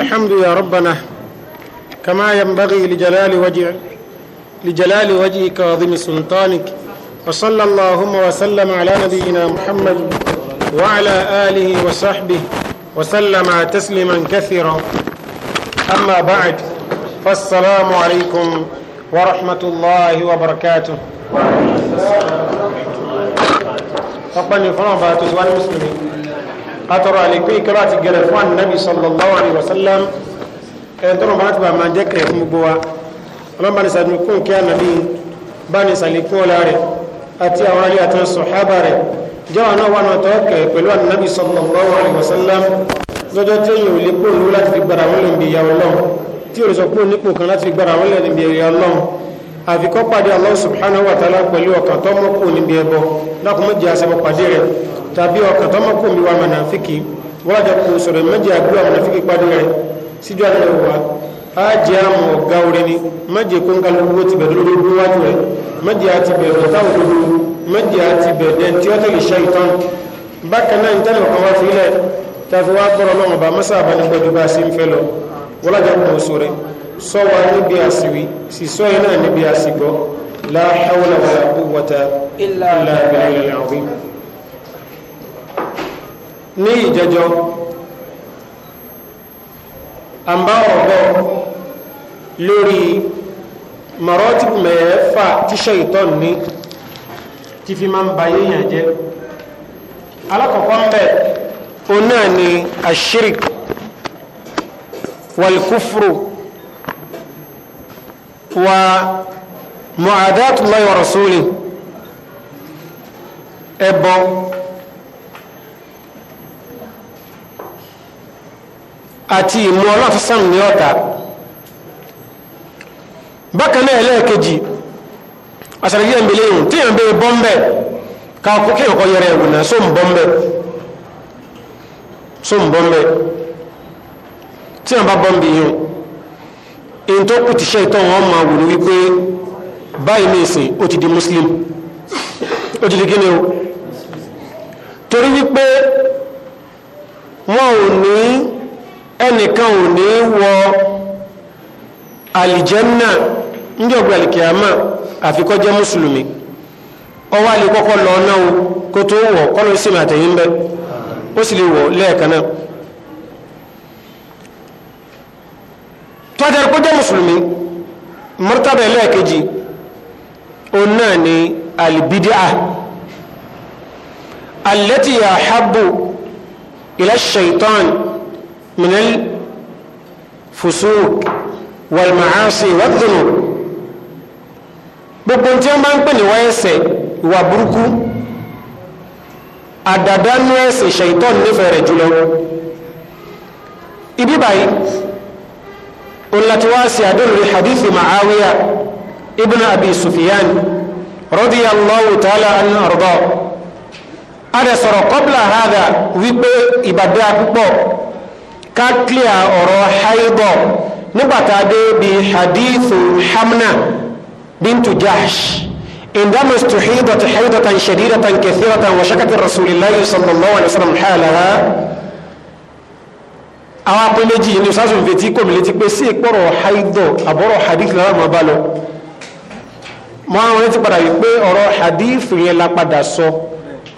الحمد يا ربنا كما ينبغي لجلال وجهك لجلال وجهك وعظيم سلطانك وصلى اللهم وسلم على نبينا محمد وعلى آله وصحبه وسلم تسليما كثيرا أما بعد فالسلام عليكم ورحمة الله وبركاته وبركاته ربنا باتوا سوى المسلمين atọrọ àlékún ìkẹrọ àti gẹrẹ fún ànábì sallallahu alaihi wasallam ẹni tọrọ máa ti bá máa jẹ kẹrẹ fún gbogbo wa ọlọ́mọba ní sàlékún kí ànábì bá ní sàlékún ọlá rẹ̀ lọ́jọ́ tí èyàn ò lè pò lówó láti fi gbára wọn lè bí ìyá ọlọ́run tí ò lè sọ pé onípò kan láti fi gbára wọn lè bí ìyá ọlọ́run àfikọ́ pàdé Allah subhanahu wa ta'ala pẹ̀lú ọkàn tọ́mọ́kù níbi ẹbọ lákùnmọ́jì àṣẹbọ pàdé rẹ̀ tàbí ọkàn tó mọ́kò mi wà mọ̀nàfíkì wọ́n àjọ kò sọ̀rọ̀ mẹ́jẹ àdúrà mọ̀nàfíkì pàdé rẹ̀ síjú àlẹ́ wa á jẹ́ àmọ̀ ọ̀gá orin ni mẹ́jẹ kó ń ga lówó ti bẹ̀rẹ̀ lórí wájú rẹ̀ mẹ́jẹ àti bẹ̀rẹ̀ táwọn olówó mẹ́jẹ àti bẹ̀rẹ̀ tí ó tẹ̀lé ṣe ìtàn bákan náà ìtàn ọ̀kan wá sílẹ̀ tàfi wá kọ́rọ̀ náà ní ìjẹjọ à ń bá ọ̀rọ̀ bọ̀ lórí mọ̀rọ́tìbù mẹ́fà tíṣẹ́ ìtọ́n ní tí fi máa ń ba yéèyàn jẹ́ alákọ̀ọ́kọ́ ń bẹ̀ o ni ashirik walkufru wa mu'adatullahi wa rasuli ẹbọ àti ìmú ọlọ́sọ̀sán ní ọ̀tá bákan náà ẹlẹ́ẹ̀kejì àṣàlẹ́yìn ẹ̀mẹ́lẹ́ tí èèyàn bẹ́ẹ̀ bọ́m̀bẹ̀ káàkó kí èèyàn yẹrẹ ẹ̀wù náà sóun bọ́m̀bẹ̀ sóun bọ́m̀bẹ̀ tí èèyàn bá bọ́m̀bẹ̀ yìí èyí tó kù tíṣẹ́ ìtọ́ wọn máa wù ní wípé báyìí ó ti di muslim ó ti di ẹnìkan ò ní wọ àlìjẹ́nà níjọ̀gbà àlìkìyàmà àfikọ́ jẹ́ mùsùlùmí ọwọ́ àlè kọ́kọ́ lọ náà kó tó wọ̀ kọ́lọ́ sí mi àtẹ̀yìn bẹ́ ó sì lè wọ̀ lẹ́ẹ̀kan náà tọ́jà kó mùsùlùmí mọ́tàbà ẹlẹ́ẹ̀kejì òun náà ni àlìbídíà alẹ́tìyà hábù ila من الفسوق والمعاصي والذنوب gbogbo tí wọn bá ń pè ní wọn ẹ̀ṣẹ̀ ìwà burúkú àdàdánú ẹ̀ṣẹ̀ ṣèyítọ nífẹ̀ẹ́ rẹ̀ jùlọ ibi báyìí olùlàtíwáàsì àdúrà hadithi ma'awiya ibn abi sufiyan radiyallahu ta'ala anhu arda adẹsọrọ kọbla hada wípé ìbàdí àpúpọ̀ kákíà ọ̀rọ̀ haibọ̀ nígbàtà dé bí hadithu hamna bintu jahsh indama istuhidat haidatan shadidatan kathiratan wa shakati rasulillahi sallallahu alaihi wasallam halaha àwọn apẹ méjì yìí ni sásùn fètí kò mìlẹ́tí pé sí ìpọ̀rọ̀ hadith lára mọ̀ bá lọ mọ́ àwọn ẹni ti padà wípé ọ̀rọ̀ hadith yẹn la sọ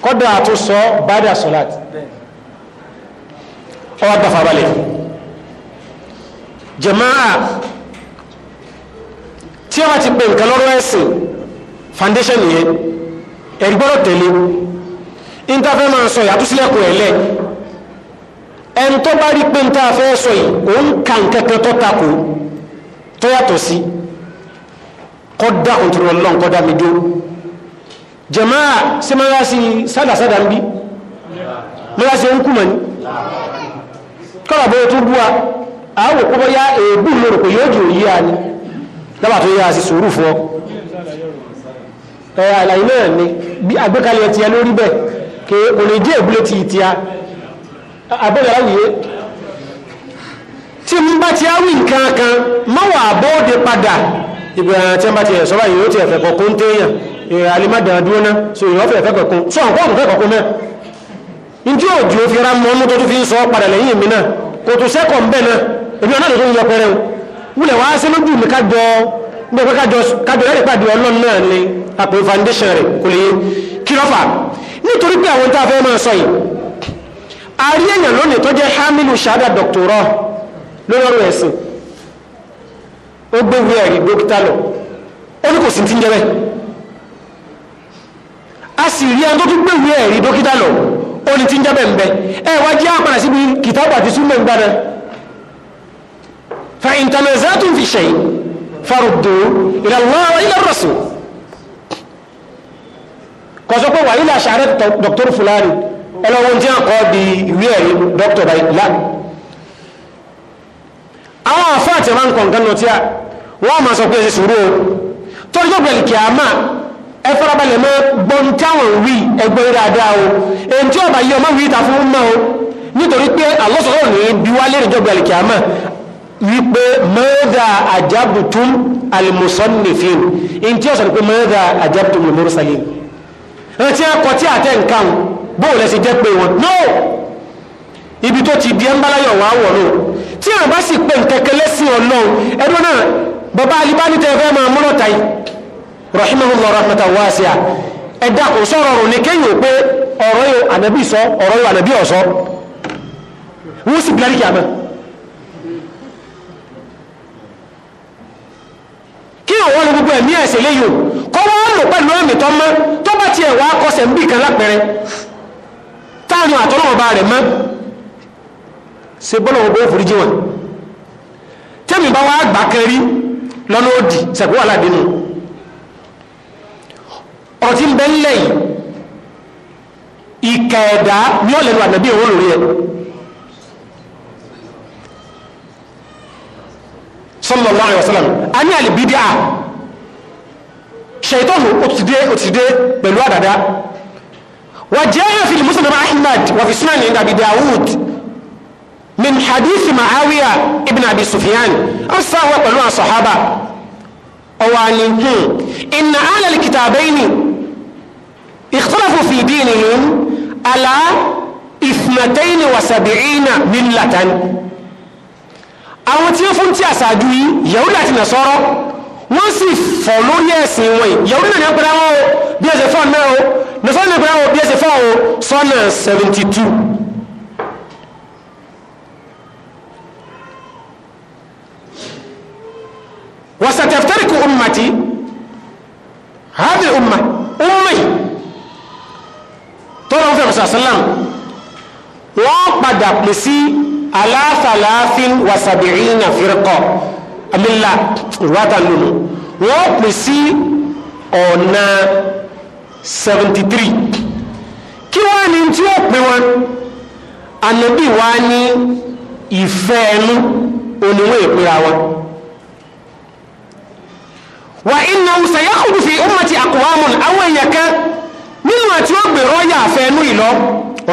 kọ́dà àtúnsọ bádà sọ́láàtì ọwọ́ gbàfàbalẹ̀ Jamaa tí wọ́n ti pè nǹkan lọ́rọ̀ ẹ̀sìn foundation yẹn ẹ̀rí gbọ́dọ̀ tẹ̀lé interfẹ́ máa sọ yàtú sílẹ̀kùn ẹ̀lẹ́ ẹni tó bá rí pé níta fẹ́ sọ yìí òun kà nkẹ́kẹ́ tó takò tó yàtọ̀ sí kọ́dá òtúrọ̀ lọ́n kọ́dá mi dúró jàmáà sí máa sí sádàsádà ń bí máa yá sí ń kú mọ́ ni kọ́lọ̀bọ̀ tó búwa àwọ̀ kó bọ́yá èébù lórí pé yóò jù yí a ni dábà tó yá sí sùúrù fún ọ àlàyé náà ni bí àgbékalẹ̀ ti ya lórí bẹ́ẹ̀ kí o lè jẹ́ èbúlé ti ti ya abẹ́lẹ̀ láwùyé tí n bá ti á wí nǹkan kan mọ́wàá bọ́ọ̀dẹ padà ìgbìyànjú ntí òjò fi ra mọ́ mọ́tò tó fi ń sọ padà lẹ́yìn mi náà kò tó sẹ́kọ̀ ńbẹ̀ náà èmi ọ̀nà tó ń yọ pẹ́rẹ́ wúlẹ̀ wá sí lójú mi kájọ nígbà kájọ rẹ̀ pàdé ọlọ́run náà ni àpò foundation rẹ̀ kò lè kí lọ́fà nítorí pé àwọn tá a fẹ́ máa sọ yìí àrí èèyàn lónìí tó jẹ́ hamilu shahada dọ̀tọ̀rọ̀ lórí ọ̀rọ̀ ẹ̀sìn ó gbé wí ẹ̀rí dókítà lọ ó ní kò sí ti ń jẹ́ bẹ́ẹ̀ a sì rí ẹni tó tún gbé wí ẹ̀rí dókítà lọ ó ní tí ń jábẹ̀ ńbẹ ẹ wá jẹ́ àpàdà síbi kìtàbù àti súnmọ̀ ń gbára fa in tanaza'tum fi shay'in farudduhu ila Allah wa ila ar-rasul kọ̀sọ́ pé wà ilẹ̀ àṣàrẹ́ dr fulani ọlọ́wọ́n jẹ́ àkọ́ di ìwé ẹ̀rí dr baitla àwọn àfáà ti ránkọ̀ nǹkan náà tí wọ́n máa sọ pé ẹ sùúrù tọ́jú ọ̀gbẹ̀lì kìá máa ẹ farabalẹ̀ mọ́ gbọ́n táwọn wí ẹgbẹ́ dáadáa o èyí tí ọba yìí ọmọ wíta fún mọ́ o nítorí pé àlọ́sọ̀rọ̀ ní bí wá lè rìnjọ́ gbẹ̀lẹ̀ kìámà wípé mọ́ẹ́dà àjábùtún alìmùsọ́nìfín èyí tí ọ̀sọ̀ pé mọ́ẹ́dà àjábùtún alìmùsọ́nìfín ẹ̀ tí a kọ tí àtẹ nǹkan bóòlẹ̀ sì jẹ́ pé wọn no ibi tó ti di ẹnbáláyọ̀ wà wọ̀ ló tí àwọn bá sì pé nkẹ́kẹ́ lẹ́sìn ọlọ́run ẹdún rahimahullah rahmatan wasi'a ẹ̀dá kò sọ̀rọ̀ rò ní kéyìn pé ọ̀rọ̀ yóò ànábì sọ ọ̀rọ̀ yóò ànábì ọ̀sọ́ wọ́n sì bíláríkì àmọ́ kí òwò ní gbogbo ẹ̀mí ẹ̀sẹ̀ léyò kọ́ wọ́n lò pẹ̀lú ẹ̀mí tọ́ mọ́ tó bá tiẹ̀ wá kọsẹ̀ ń bì kan lápẹ̀rẹ̀ táàrin àtọ́lọ́mọba rẹ̀ mọ́ ṣe bọ́lọ̀ gbogbo òfurujì wọn tẹ́mi bá wá gbà kẹrí lọ́nà òdì sẹ̀kúwà ládínú ọ̀rọ̀ tí ń bẹ ńlẹ̀ yìí ìkà ẹ̀dá ní ọ̀lẹ́nu ànábì òun lórí ẹ̀ sallallahu alaihi wasallam a ní àlìbídíà ṣètọ́nù òtìdé òtìdé pẹ̀lú àdàdá wà jẹ́ fil musnad ahmad wà fi sunan ní abi dawud min hadith ma'awiya ibn abi sufyan an sáwọ́ pẹ̀lú àsọ̀hábà ọwà hmm, inna alal kitabaini ikhtalafu في دينهم على اثنتين وسبعين sabi'ina millatan àwọn tí ó fún tí àṣáájú yìí yahudi àti nasara wọ́n sì fọ̀ lórí ẹ̀sìn wọn yahudi náà ní ọgbẹ́ra wọn bí ẹsẹ̀ fọ́ náà o sọ́nà seventy two. sàlám wọ́n padà pè sí aláfàlàfin wasabirina firqa amílà ìwádà lónìí wọ́n pè sí ọ̀nà seventy three kí wọ́n ní tí ó pè wọn ànábì wa ní ìfẹ́ ẹnu oníwọ̀n ìpínra wọn wà innahu sayakhruju fi ummati aqwamun àwọn èèyàn nínú àti ó gbé rọ́yà àfẹnú ìlọ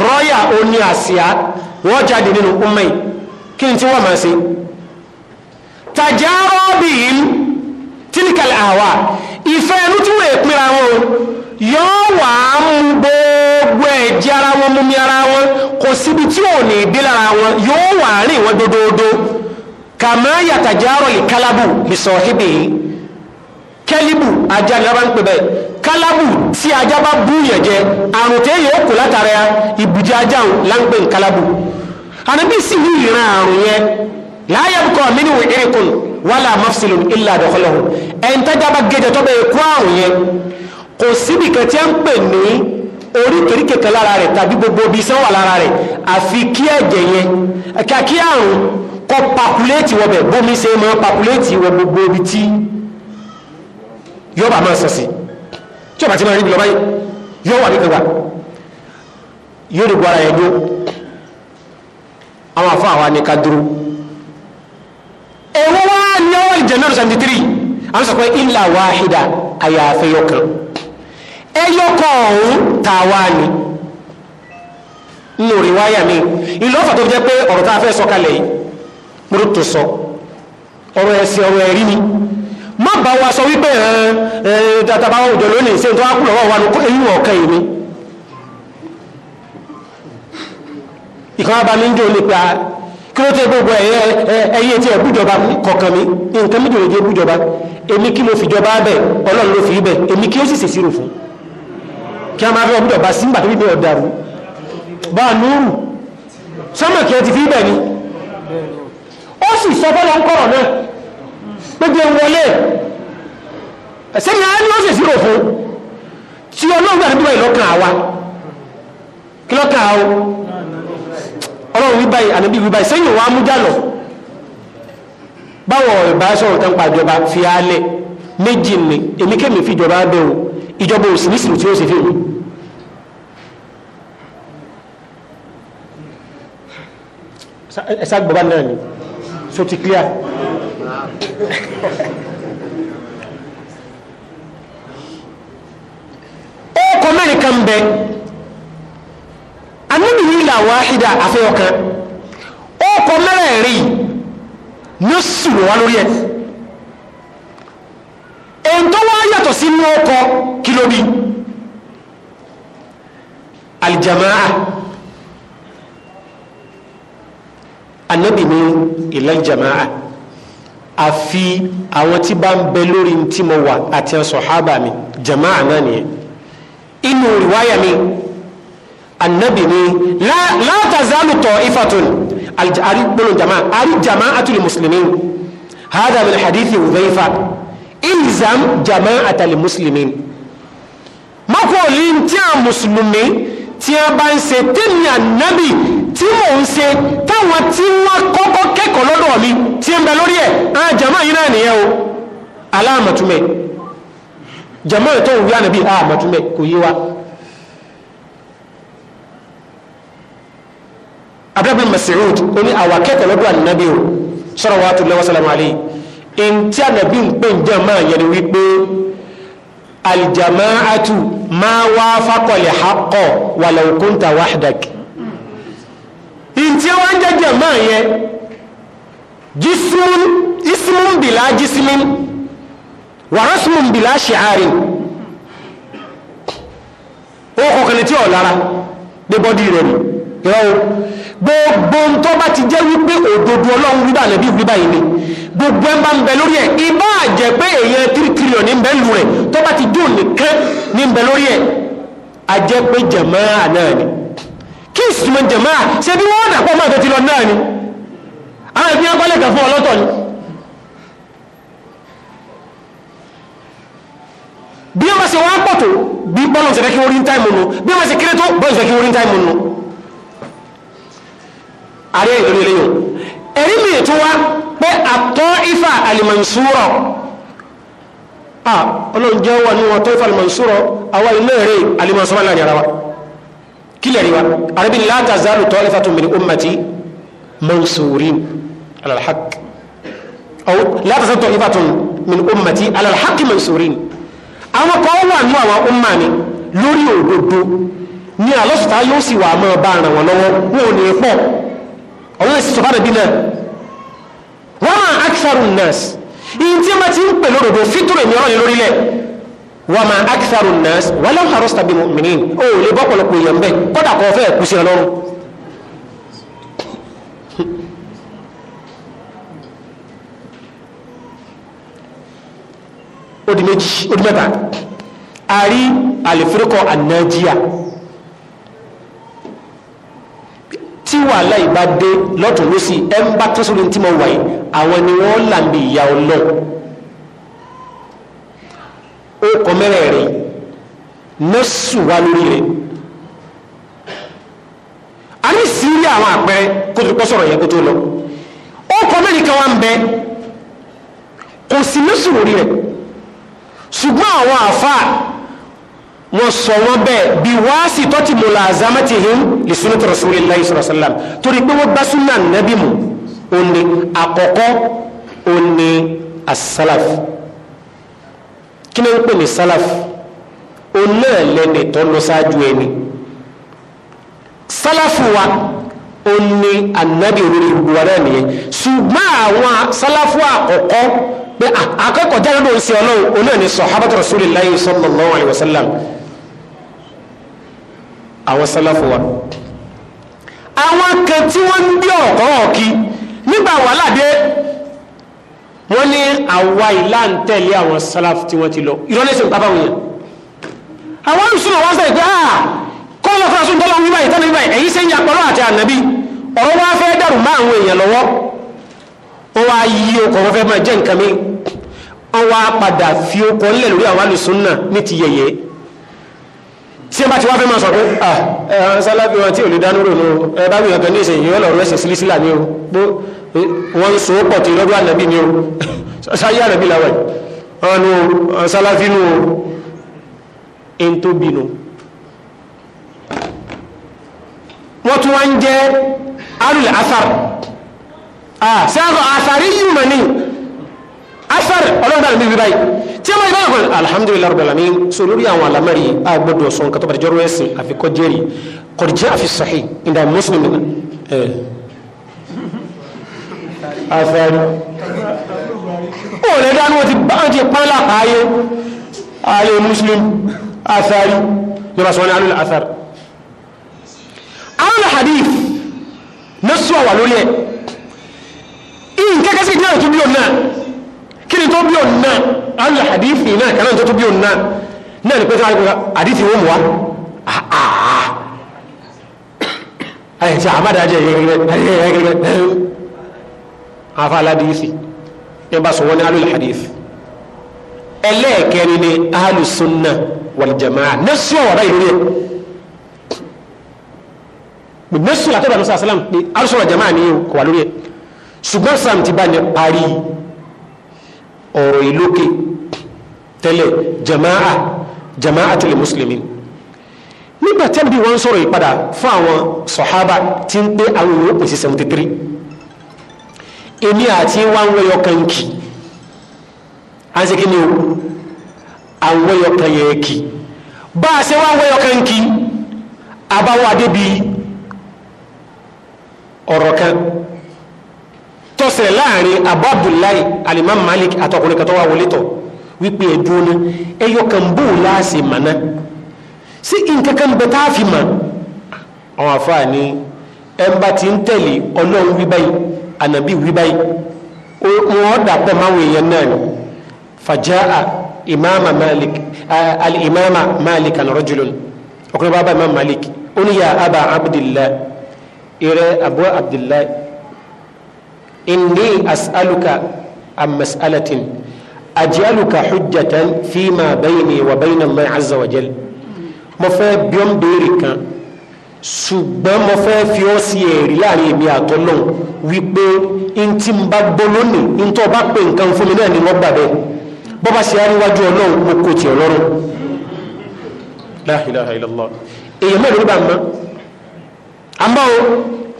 rọ́yà oní àsíá wọ́n jáde nínú ọmọ yìí kí n tí wọ́n máa ṣe tàjárọ́ bí i tílíkàlì àwà ìfẹ́ ẹnu tí wọ́n èpìra wọn yóò wà á mú gbogbo ẹ̀jẹ̀ ara wọn mú mi ara wọn kò síbi tí ò ní dé lára wọn yóò wà á rìn wọn dódódó kàmáyà tàjárọ̀ ìkálábù ìsọ̀híbì kẹ́líbù ajá ni a bá ń pè bẹ́ẹ̀ kálábù tí ajá bá bú yẹn jẹ àrùn tẹ́ yóò kó látara ya ìbùjẹ ajá ń la ń pè ń kálábù ànábì sì ní ìran àrùn yẹn láàyè kọ́ mínú irikun wàhálà mafsilun ilà àdọ́kọ́lọ́hùn ẹ̀ń tájá bá gẹ̀jẹ̀ tó bẹ́ẹ̀ kó àrùn yẹn kò síbi kẹtí à ń pè ní oríkèéríkèé kan lára rẹ̀ tàbí gbogbo ibi iṣẹ́ wà lára rẹ̀ àfi kí ẹ̀jẹ̀ yẹn kí àrùn kọ́ pakuléètì wọbẹ̀ bómi ṣe máa pakuléètì wọ gbogbo ibi tí yóò bá máa sẹ̀sì tí ọba ti máa rí ibi lọ báyìí yóò wà nípa yóò dìgbò ara yẹn dó àwọn afọ àwa ni ká dúró èwo wá ní ọwọ́ ìjẹ̀nà seventy three àwọn sọ pé illa wahida àyàfẹ́ yọkan ẹyọkọ ọ̀hún tá a wá ní nínú rìwáyà mi ìlú ọ̀fà tó fi jẹ́ pé ọ̀rọ̀ tá a fẹ́ sọ kalẹ̀ yìí mo tó sọ ọ̀rọ̀ ẹ̀sìn ọ̀rọ̀ ẹ̀rí ni má bá wa sọ wípé ẹ̀ẹ́dàtàbá òjò lónìí ṣe tó wá kúrò wà lókó èyí ọ̀kẹ́ ìní ìkan abá ní jò lè pa kí ló tẹ gbogbo ẹ̀yẹ tí ẹ̀ bújọba kọ̀ọ̀kan mi nǹkan méjì lè jẹ́ bújọba èmi kí mo fìjọba bẹ̀ ọlọ́run ló fi bẹ̀ èmi kí ó sì ṣèṣirò fún kí a máa fẹ́ bújọba sí nígbà tó bí bẹ́ẹ̀ ọ̀dàrú bá a lóòrù sọ́mọ̀ kí ẹ ti fi bẹ̀ ni ó sì sọ fọ́lọ́ ń kọ̀rọ̀ náà gbogbo wọlé ẹ̀sẹ́ni àárín ó sì sírò fún tí ọlọ́gbà àdúrà ìlọ́kàn àwa kí lọ́kàn àwọ ọlọ́run wí báyìí ànábì wí báyìí sẹ́yìn wàá mú jálọ̀ báwo ìbá sọ̀rọ̀ tán pa ìjọba fi álẹ̀ méjì ni èmi kémi fi ìjọba bẹ̀ o ìjọba ò sì ní sìrò tí ó sì fi mi. ẹ̀sà gbọ́dọ̀ náà ni so ti clear ọkọ̀ mẹ́rin kan bẹ anábìyí là wáhídà àfẹ́ọ̀kan ọkọ̀ mẹ́rin rí ló sì wọ́n wá lórí ẹ̀ èyí tó wá yàtọ̀ sí inú ọkọ̀ aljamaa annabi ne ilal jama'a àfi àwọn tí bá ń bẹ lórí tí mo wà àti sọ̀hábà mi jama'a náà nìyẹn inú riwaya mi annabi ni la tazalu ta'ifatun àrígbónú jama'a àrí jama'atul muslimin hada min hadithi Hudhayfa ilzam jama'atul muslimin mako lin tí a musulumi tí a bá ń ṣe tẹ́mi annabi tí mò ń ṣe táwọn tí wọ́n kọ́kọ́ kẹ́kọ̀ọ́ lọ́dọ̀ mi tí ń bẹ lórí ẹ̀ jama yìí náà nìyẹn o aláàmọ̀túnmẹ̀ jama ètò òwú ànàbí aláàmọ̀túnmẹ̀ kò yé wa. abdulhamid masirud ó ní àwọn akẹ́kọ̀ọ́ lọ́dọ̀ ànàbí o sọ̀rọ̀ wa tún lọ́wọ́ sálámù alẹ́ yìí ntí ànàbí ń pè ń jama yẹn ni wípé aljamaatu máa wá fakọ̀lẹ̀ hakọ̀ wàlẹ̀ òkúta wàhdak ìtí wọn ń jẹjẹ mọ́ yẹn jisimu, ismun bila jisimun warasmun bila ṣi'arin ó kọkànlẹ̀ tí ọ̀ lára dé bọ́dí rẹ̀ rẹ̀ gbogbo tó bá ti jẹ́ wípé òdodo ọlọ́run wíbà lẹ́bí wíbà yìí ni gbogbo ẹ̀ bá ń bẹ lórí ẹ̀ ibà jẹ́ pé èyàn tírí tírílọ̀ ní bẹ́ lù rẹ̀ tó bá ti dùn nìkan ní bẹ lórí ẹ̀ a pé jẹ̀mọ́ àná ni kí ìsìnkú jẹ̀máà ṣe bí wọ́n dàpọ̀ máa tó ti lọ náà ni àwọn ìpínlẹ̀ kọ́lẹ̀ kan fún ọlọ́tọ̀ ni bí wọ́n ṣe wọ́n pọ̀ tó bí bọ́lọ̀ ṣe fẹ́ kí orí ń táìmù nù bí wọ́n ṣe kéré tó bọ́lọ̀ ṣe fẹ́ kí orí ń táìmù nù ààrẹ ìlú ilé yòó ẹ̀rí mi tó wá pé àtọ́ ifá àlìmọ̀nsúrọ̀ ọlọ́run jẹ́ wà ní wọn tó ifá àlìmọ̀nsúrọ̀ àwọn ilé rẹ̀ àlìmọ̀nsúrọ̀ láàrin ara wa kílẹ̀ rí wa arabi la tazalu ta'ifatun min ummati mansurin ala al-haqq aw la tazalu ta'ifatun min ummati ala al-haqq mansurin àwọn kan wà ní àwọn umma mi lórí òdodo ní alọ́sùtá yóò sì wà máa bá ara wọn lọ́wọ́ wọn ò ní pọ̀ ọ̀wọ́n èsì sọ̀fà nàbí aktharun nas ìyìn tí ti ń pè lódodo fítúrò ní ọ̀rọ̀ yẹn wàmà akitharu nas wàlẹ́ harus tabi mu'minin o lè bọ́ pọ̀lọpọ̀ èèyàn bẹ́ẹ̀ kọ́dà kọ́ fẹ́ kùsì ọlọ́run. odi méjì odi mẹ́ta ari alifirikọ anajiya tí wàhálà ìbá dé lọ́tún lọ́sì ẹ̀ ní tí mo wà àwọn ni wọ́n là ń ìyá ọlọ́run ó kọ mẹ́rẹ̀ẹ̀rin nọ́ọ̀sù wá lórí rẹ̀ a ní sírí àwọn àpẹẹrẹ kó tó kọ́ sọ̀rọ̀ yẹn kó tó lọ ó kọ mẹ́rin kan wá ń bẹ kò sí nọ́ọ̀sù lórí rẹ̀ ṣùgbọ́n àwọn àfáà wọ́n sọ wọ́n bẹ́ẹ̀ bí wáásì tó ti mọ̀lá àzámẹ́tì hìn lè súnú tó rọ̀sùn ilé ìṣọ̀rọ̀sọ́lá torí pé wọ́n gbá súnà nẹ́bí mu òní àkọ́kọ́ òní asálàfù kí ló ń pè ní sálàf òun tó lọ ṣáájú ẹni wa òun ni ànábì olórí gbogbo náà nìyẹn ṣùgbọ́n àwọn sálàfù àkọ́kọ́ pé ah, akẹ́kọ̀ọ́ jáde ló ń ṣe ọlọ́run òun náà ni sọ̀hábàtà rasulillahi sallallahu alaihi àwọn salafu wa àwọn kan tí ń gbé ọ̀kọ́ ọ̀kí nígbà wọ́n ní àwa ìlà ń àwọn salaf tí wọ́n ti lọ ìrọ́lẹ́sìn bàbá wọn yẹn àwọn olùsúnà wọ́n sẹ́yìn pé àà ah, kọ́ lọ fún asún tọ́lọ́ wíwá ìtọ́lọ́ wíwá ẹ̀yìn sẹ́yìn àpọ̀lọ́ àti ànábì ọ̀rọ̀ wá fẹ́ dàrú máa àwọn èèyàn lọ́wọ́ ó wá yí okọ̀ wọ́n fẹ́ máa jẹ́ nǹkan mi wọ́n wá padà fi okọ̀ ńlẹ̀ lórí àwọn olùsúnà ní ti yẹ̀yẹ́ tí ẹ bá ti wá fẹ́ máa sọ pé ah, ẹ̀hán sálábì wọn tí ò lè dánú rò ẹ bá gbìyànjú ní ìsẹ̀yìn yọ wọ́n ń so pọ̀ tí lọ́dọ̀ ànábì ni o sáyé ànábì làwọn yìí ọ̀nù sálàfínú ẹ̀ ń tó bínú wọ́n tún wá ń jẹ́ arìlẹ̀ asar sáàrọ̀ àsàrí yìí mọ̀ ní asar ọlọ́dọ̀ ànábì bí báyìí tí a máa yẹ báyìí alhamdulilayi rabbil alamin so lórí àwọn alamari agbọ́dọ̀ sọ̀n kátó bàtẹ́jọ́rọ̀ ẹ̀sìn àfikọ́ jẹ́rìí kọ̀díjẹ́ àfisàhí afẹ́rú ó lè dánú ti báńkì pánlá ayé ayé muslim afẹ́rú lọ́wọ́ sọ ní alul afẹ́r alul hadith nasu wà lórí ẹ̀ in kẹ́kẹ́ sí náà tó bí òun náà kí ni tó bí òun náà alul hadith náà kanáà tó bí òun náà náà ni pé tó hadith wọ́n wá àà ayẹ̀ afa aládìísì ẹ bá sọ wọn ní alul hadith ẹlẹ́ẹ̀kẹrin ni alùsùnà wàlìjàmáà nẹ́sùn ọ̀wà báyìí lórí ẹ̀ nẹ́sùn àtọ́dà musa salam pé alùsùnà wàlìjàmáà ni kò wà lórí ẹ̀ ṣùgbọ́n sam ti bá ní parí ọ̀rọ̀ ìlókè tẹ́lẹ̀ jàmáà jàmáà tẹ́lẹ̀ mùsùlùmí nígbà tẹ́lẹ̀ bí wọ́n sọ̀rọ̀ ìpadà fún àwọn sọ̀hábà tí ń pé àwọn òun ó pèsè 73 èmi àti wọn wẹ́yọ kan kì á ń ṣe kí ni o àwọn wẹ́yọ kan yẹ kì bá a ṣe wọn kan kì àbáwọ̀ adébí ọ̀rọ̀ kan tọ́sẹ̀ láàrin abu abdullahi alimam malik àtọkùnrin kan tó wà wọlé tọ̀ wípé ẹ̀dùn ní ẹyọ kan bó láàṣì màná sí nkankan bẹ tá a fi mọ̀ àwọn àfáà ẹ̀ ń bá ti ń tẹ̀lé ọlọ́run wí báyìí ànàbí wí báyìí wọ́n dàpọ̀ máwọn èèyàn náà ni fàjáà ìmáàmà malik alìmáàmà malik alrajulun ọkùnrin bá bá imam malik ó ní yà abba abdillah ìrẹ abu abdillah inni as'aluka am mas'alatin ajaluka hujjatan fima bayni wa bayna allah azza wa jal mo fẹ́ biom béèrè kan ṣùgbọ́n mo fẹ́ fi ọ́ sí ẹ̀rí láàrin èmi àtọ́ náà wípé n tí n bá gbọ́ lónìí n tó bá pè nǹkan fún mi náà ni wọ́n gbà bẹ́ẹ̀ bọ́ bá ṣe aríwájú ọlọ́run mo kò tiẹ̀ lọ́rùn. la ilaha illallah èèyàn mẹ́rin ló bá mọ́ àmọ́ o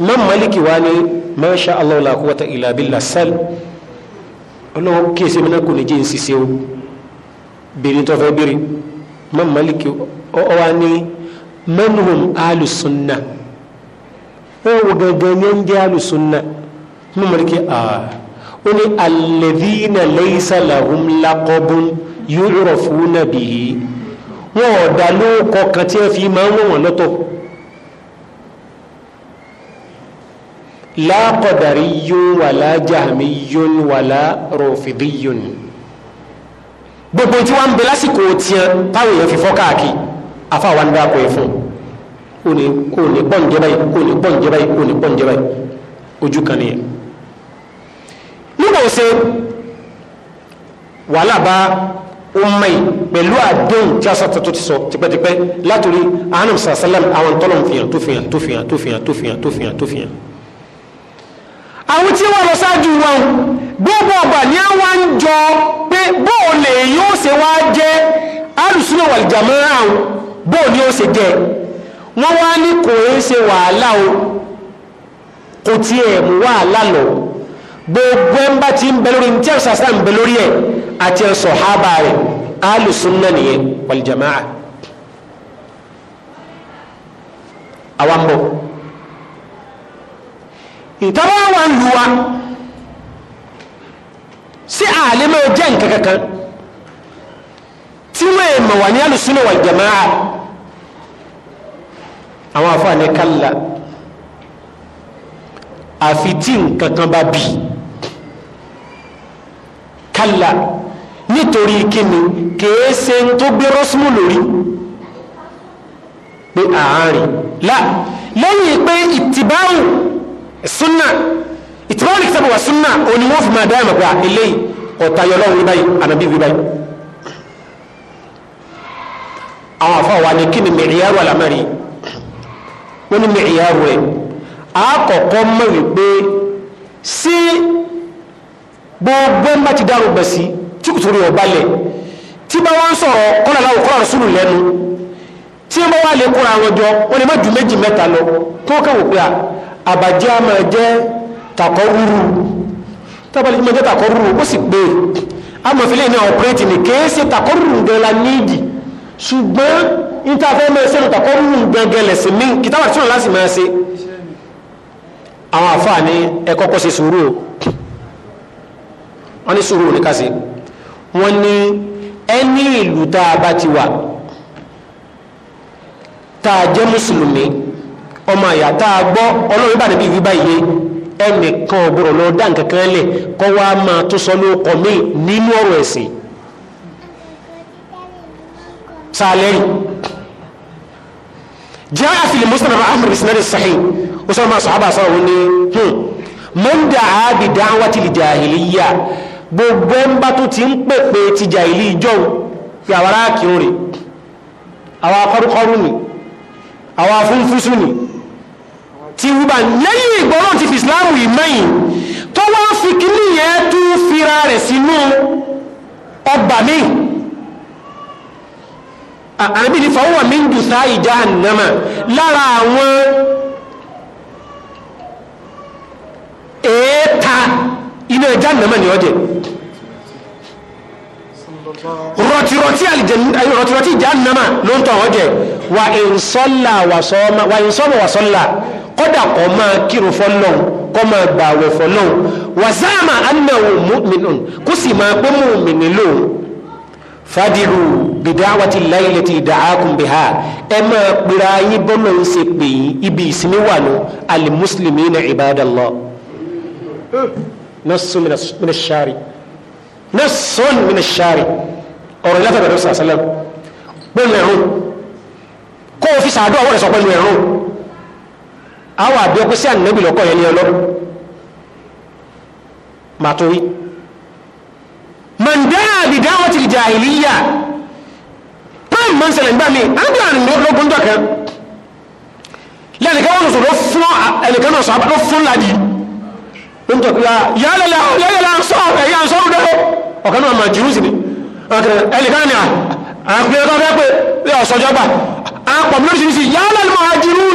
mọ́ mọ́líkì wá ní masha allah la quwwata illa billah sal ọlọ́run kí èsì mi náà kò ní jẹ́ n o bèrè tó fẹ́ bèrè mọ́ mọ́líkì ọ wá ní manhum alusunna wọn wò gangan ní ń jẹ́ alusunna mo mọ̀ kí aa ó ní alladhina laysa lahum laqabun yu'rafuna bihi wọn ò dá lóòkọ kan tí ẹ fi máa ń wọ̀ wọ́n lọ́tọ̀ la qadariyun wala jahmiyun wala rafidiyun gbogbo tí wọ́n bẹ lásìkò tiẹ̀ táwọn èèyàn fi fọ́ káàkiri afa wa ń dáko yẹ fún kò ní kò ní bọ́ǹjẹ́ báyìí kò ní bọ́ǹjẹ́ báyìí kò ní bọ́ǹjẹ́ báyìí ojú kan nìyẹn. nígbà wo ṣe wàhálà bá ọmọ yìí pẹ̀lú àdéhùn tí a sọ tó ti sọ tipẹ́tipẹ́ látòrí àánú sàṣẹlẹ̀m àwọn tọ́lọ̀ fìyàn tó fìyàn tó fìyàn tó fìyàn tó tí wọn lọ ṣáájú wọn gbogbo ọba ni wọn ń jọ pé bóòlù èyí ṣe wá jẹ alùsùn àwọn bóò ni ó ṣe jẹ́ wọ́n wá ní kò é ṣe wàhálà o kò tí ẹ̀ mú wàhálà lọ gbogbo ẹ̀ ń bá ti ń bẹ lórí tí ẹ̀sà sáà ń bẹ lórí ẹ̀ àti ẹ̀sọ̀ hábà rẹ̀ alùsùnà nìyẹn wal jamaa àwọn bọ̀ ìtọ́wọ́ wa ń lu wa sí àlẹ́ jẹ́ nǹkan kankan tí wọ́n èèmọ̀ wà ní alùsùnà wal jamaa àwọn àfààní kálá àfi tí nǹkan kan bá bì kálá nítorí kíni kìí ṣe ń tó gbé rọ́sùmù lórí pé àárín lá lẹ́yìn pé ìtìbáhùn súnà ìtìbáhùn lè sábà wà súnà òní wọ́n fi máa dá ìmọ̀gbà eléyìí ọ̀tá yọlọ́run wíbáyìí ànábì wíbáyìí àwọn àfọwà ni kíni mẹ̀ríyàrú àlámẹ́rin wọ́n ní mìíyàwó ẹ̀ àkọ́kọ́ mọ̀ wípé sí gbogbo má ti dárúgbà sí tí kò torí ọba lẹ̀ tí bá wọ́n sọ̀rọ̀ kọ́nà láwọ̀ kọ́nà rọ̀sùlù lẹ́nu tí wọ́n wá lè kóra àwọn jọ wọ́n lè má ju méjì mẹ́ta lọ tó kẹ́wò pé àbàjẹ́ a máa jẹ́ tàkọ́rúurú tábàlì máa jẹ́ tàkọ́rúurú ó sì pé amọ̀fẹ́lẹ́ náà ọ̀pẹ́rẹ́tì ní kéésì tàkọ́rúurú gan la níìdì ṣùgbọ́n níta fẹ́ mẹ́ sẹ́nu tàkọ́ mú gẹ́gẹ́ lẹ̀sìn mí kìtàwà tí wọ́n láti máa ṣe àwọn àfáà ní ẹ kọ́kọ́ ṣe sùúrù wọ́n ní sùúrù ní kásì wọ́n ní ẹni ìlú tá a bá ti wà tá a jẹ́ mùsùlùmí ọmọ àyà tá a gbọ́ ọlọ́run bá níbi ìbíbá yìí ẹnìkan ọ̀gbọ̀rọ̀ lọ dá nǹkan lẹ̀ kọ́ wa máa tó sọ lóko míì nínú ọ̀rọ̀ ẹ̀sìn sálẹ́rì جاء في المسلم أحمد بسنان الصحيح وصلى مع صحابة صلى من دعا بدعوة الجاهلية gbogbo ń bá tó ti ń pèpè ti jà ìlú ìjọ yàwó aráàkìrún rè àwọn akọrúkọrú ni àwọn afúnfúsù ni ti wúbà lẹ́yìn ìgbọ́nà ti fi islam yìí mẹ́yìn tó wá fi kíní yẹn tún fira rẹ̀ sínú ọgbà míì àbí ah, ah. ní fọwọ́ mi ń dùsá jahannama lára àwọn èèta iná jahannama ni ọjẹ́ eh, rọ̀tìrọ̀tì jahannama ló ń tọ̀ ọjẹ́ wà ìsọ́là wà sọ́là kọ́dà kọ́ máa kírun fọ́lọ́hun kọ́ máa gbààwẹ̀ fọ́lọ́hun wà záàmà annahu mu'minun kó sì máa pé mu'minin lóhun fàdìrù bìdáwàtí láìlẹ̀ ti dàákùn bí ha ẹ máa pèrà yí bọ́nà ń ṣe pè yí ibi ìsinmi wà ní alimusulmi na ibadallah nasun minashari nasun minashari ọ̀rọ̀ ilẹ̀ fẹ́bẹ̀rẹ̀ sàṣẹlẹ̀ pẹ̀lú ẹ̀rùn kó o fi sàádọ́ àwọn ẹ̀sọ̀ pẹ̀lú ẹ̀rùn àwọn àbí ọkùnrin sí ànínẹ́bì lọ́kọ̀ yẹn ní ọlọ́run màtó yìí man dáa bi dáwọ́ ti jahiliya pẹ́ẹ́n mọ́ sẹlẹ̀ nígbà mi á bí àrùn lógún dọ̀ kan lẹ́nìkan wọn sọ̀rọ̀ fún ẹnìkan náà sọ̀rọ̀ ló fún ládì ó ń tọ́ pé yálẹ̀lẹ̀ yálẹ̀lẹ̀ sọ ẹ̀yà sọ ọ́ dẹ́wọ́ ọ̀kan náà mà jùlù sí ni ẹnìkan ni àpẹẹrẹ kọ́ fẹ́ pé ọ̀sọ́jọ́ gbà àpọ̀ mi lóṣìṣì yálẹ̀lẹ̀ mà jùlù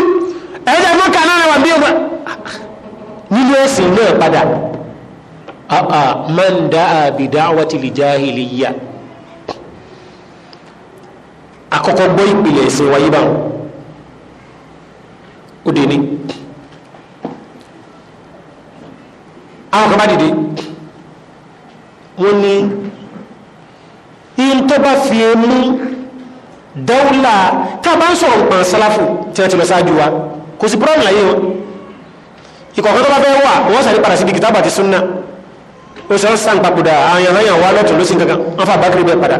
ẹ̀jẹ̀ mọ́kà náà wà bí ọgbà nílé ẹ̀sìn náà padà a'a man da'a bi da'wati li jahiliya àkọ́kọ́ gbọ́ ìpìlẹ̀ ẹ̀sìn wáyé bá wọn ó dé ní àwọn kan bá dìde wọ́n ní in tó bá fi mú dáúlà tá a bá ń sọ̀rọ̀ nǹkan sáláfù tí wọ́n ti lọ sáájú wa kò sí púrọ́ọ̀nù láyé wọn ìkọ̀ọ̀kan tó bá fẹ́ wà wọ́n sàrí padà síbi kìtàbà àti súnnà o sọ sàn papòdà àwọn èèyàn yàn wá lọ́tún ló sì kankan wọ́n fa àbákiri bẹ́ẹ̀ padà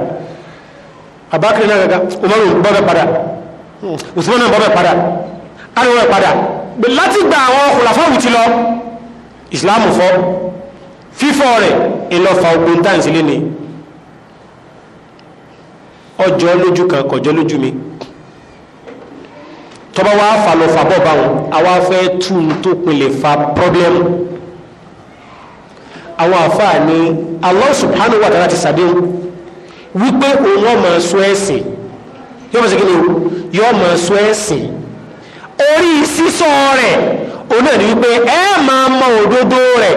àbákiri náà kankan umaru bọ́ bẹ́ẹ̀ padà usman náà bọ́ bẹ́ẹ̀ padà aliwo bẹ́ẹ̀ padà láti gba àwọn kòlàfọ́ wù ti lọ islam fọ fífọ́ rẹ̀ ìlọ́fà ogun táǹsì lé ní ọjọ́ lójú kan kọjọ́ lójú mi tọ́ba wa fà lọ fà bọ́ báwọn àwa fẹ́ tún tó pinlẹ̀ fa pọ́blẹ́mù àwọn àfáà ní Allah subhanahu wa ta'ala ti sàdéhùn wípé òun ọmọ sọ ẹ̀sìn yóò máa ṣe kíni o yóò máa sọ ẹ̀sìn orí sísọ rẹ̀ òun náà ni wípé ẹ máa mọ òdodo rẹ̀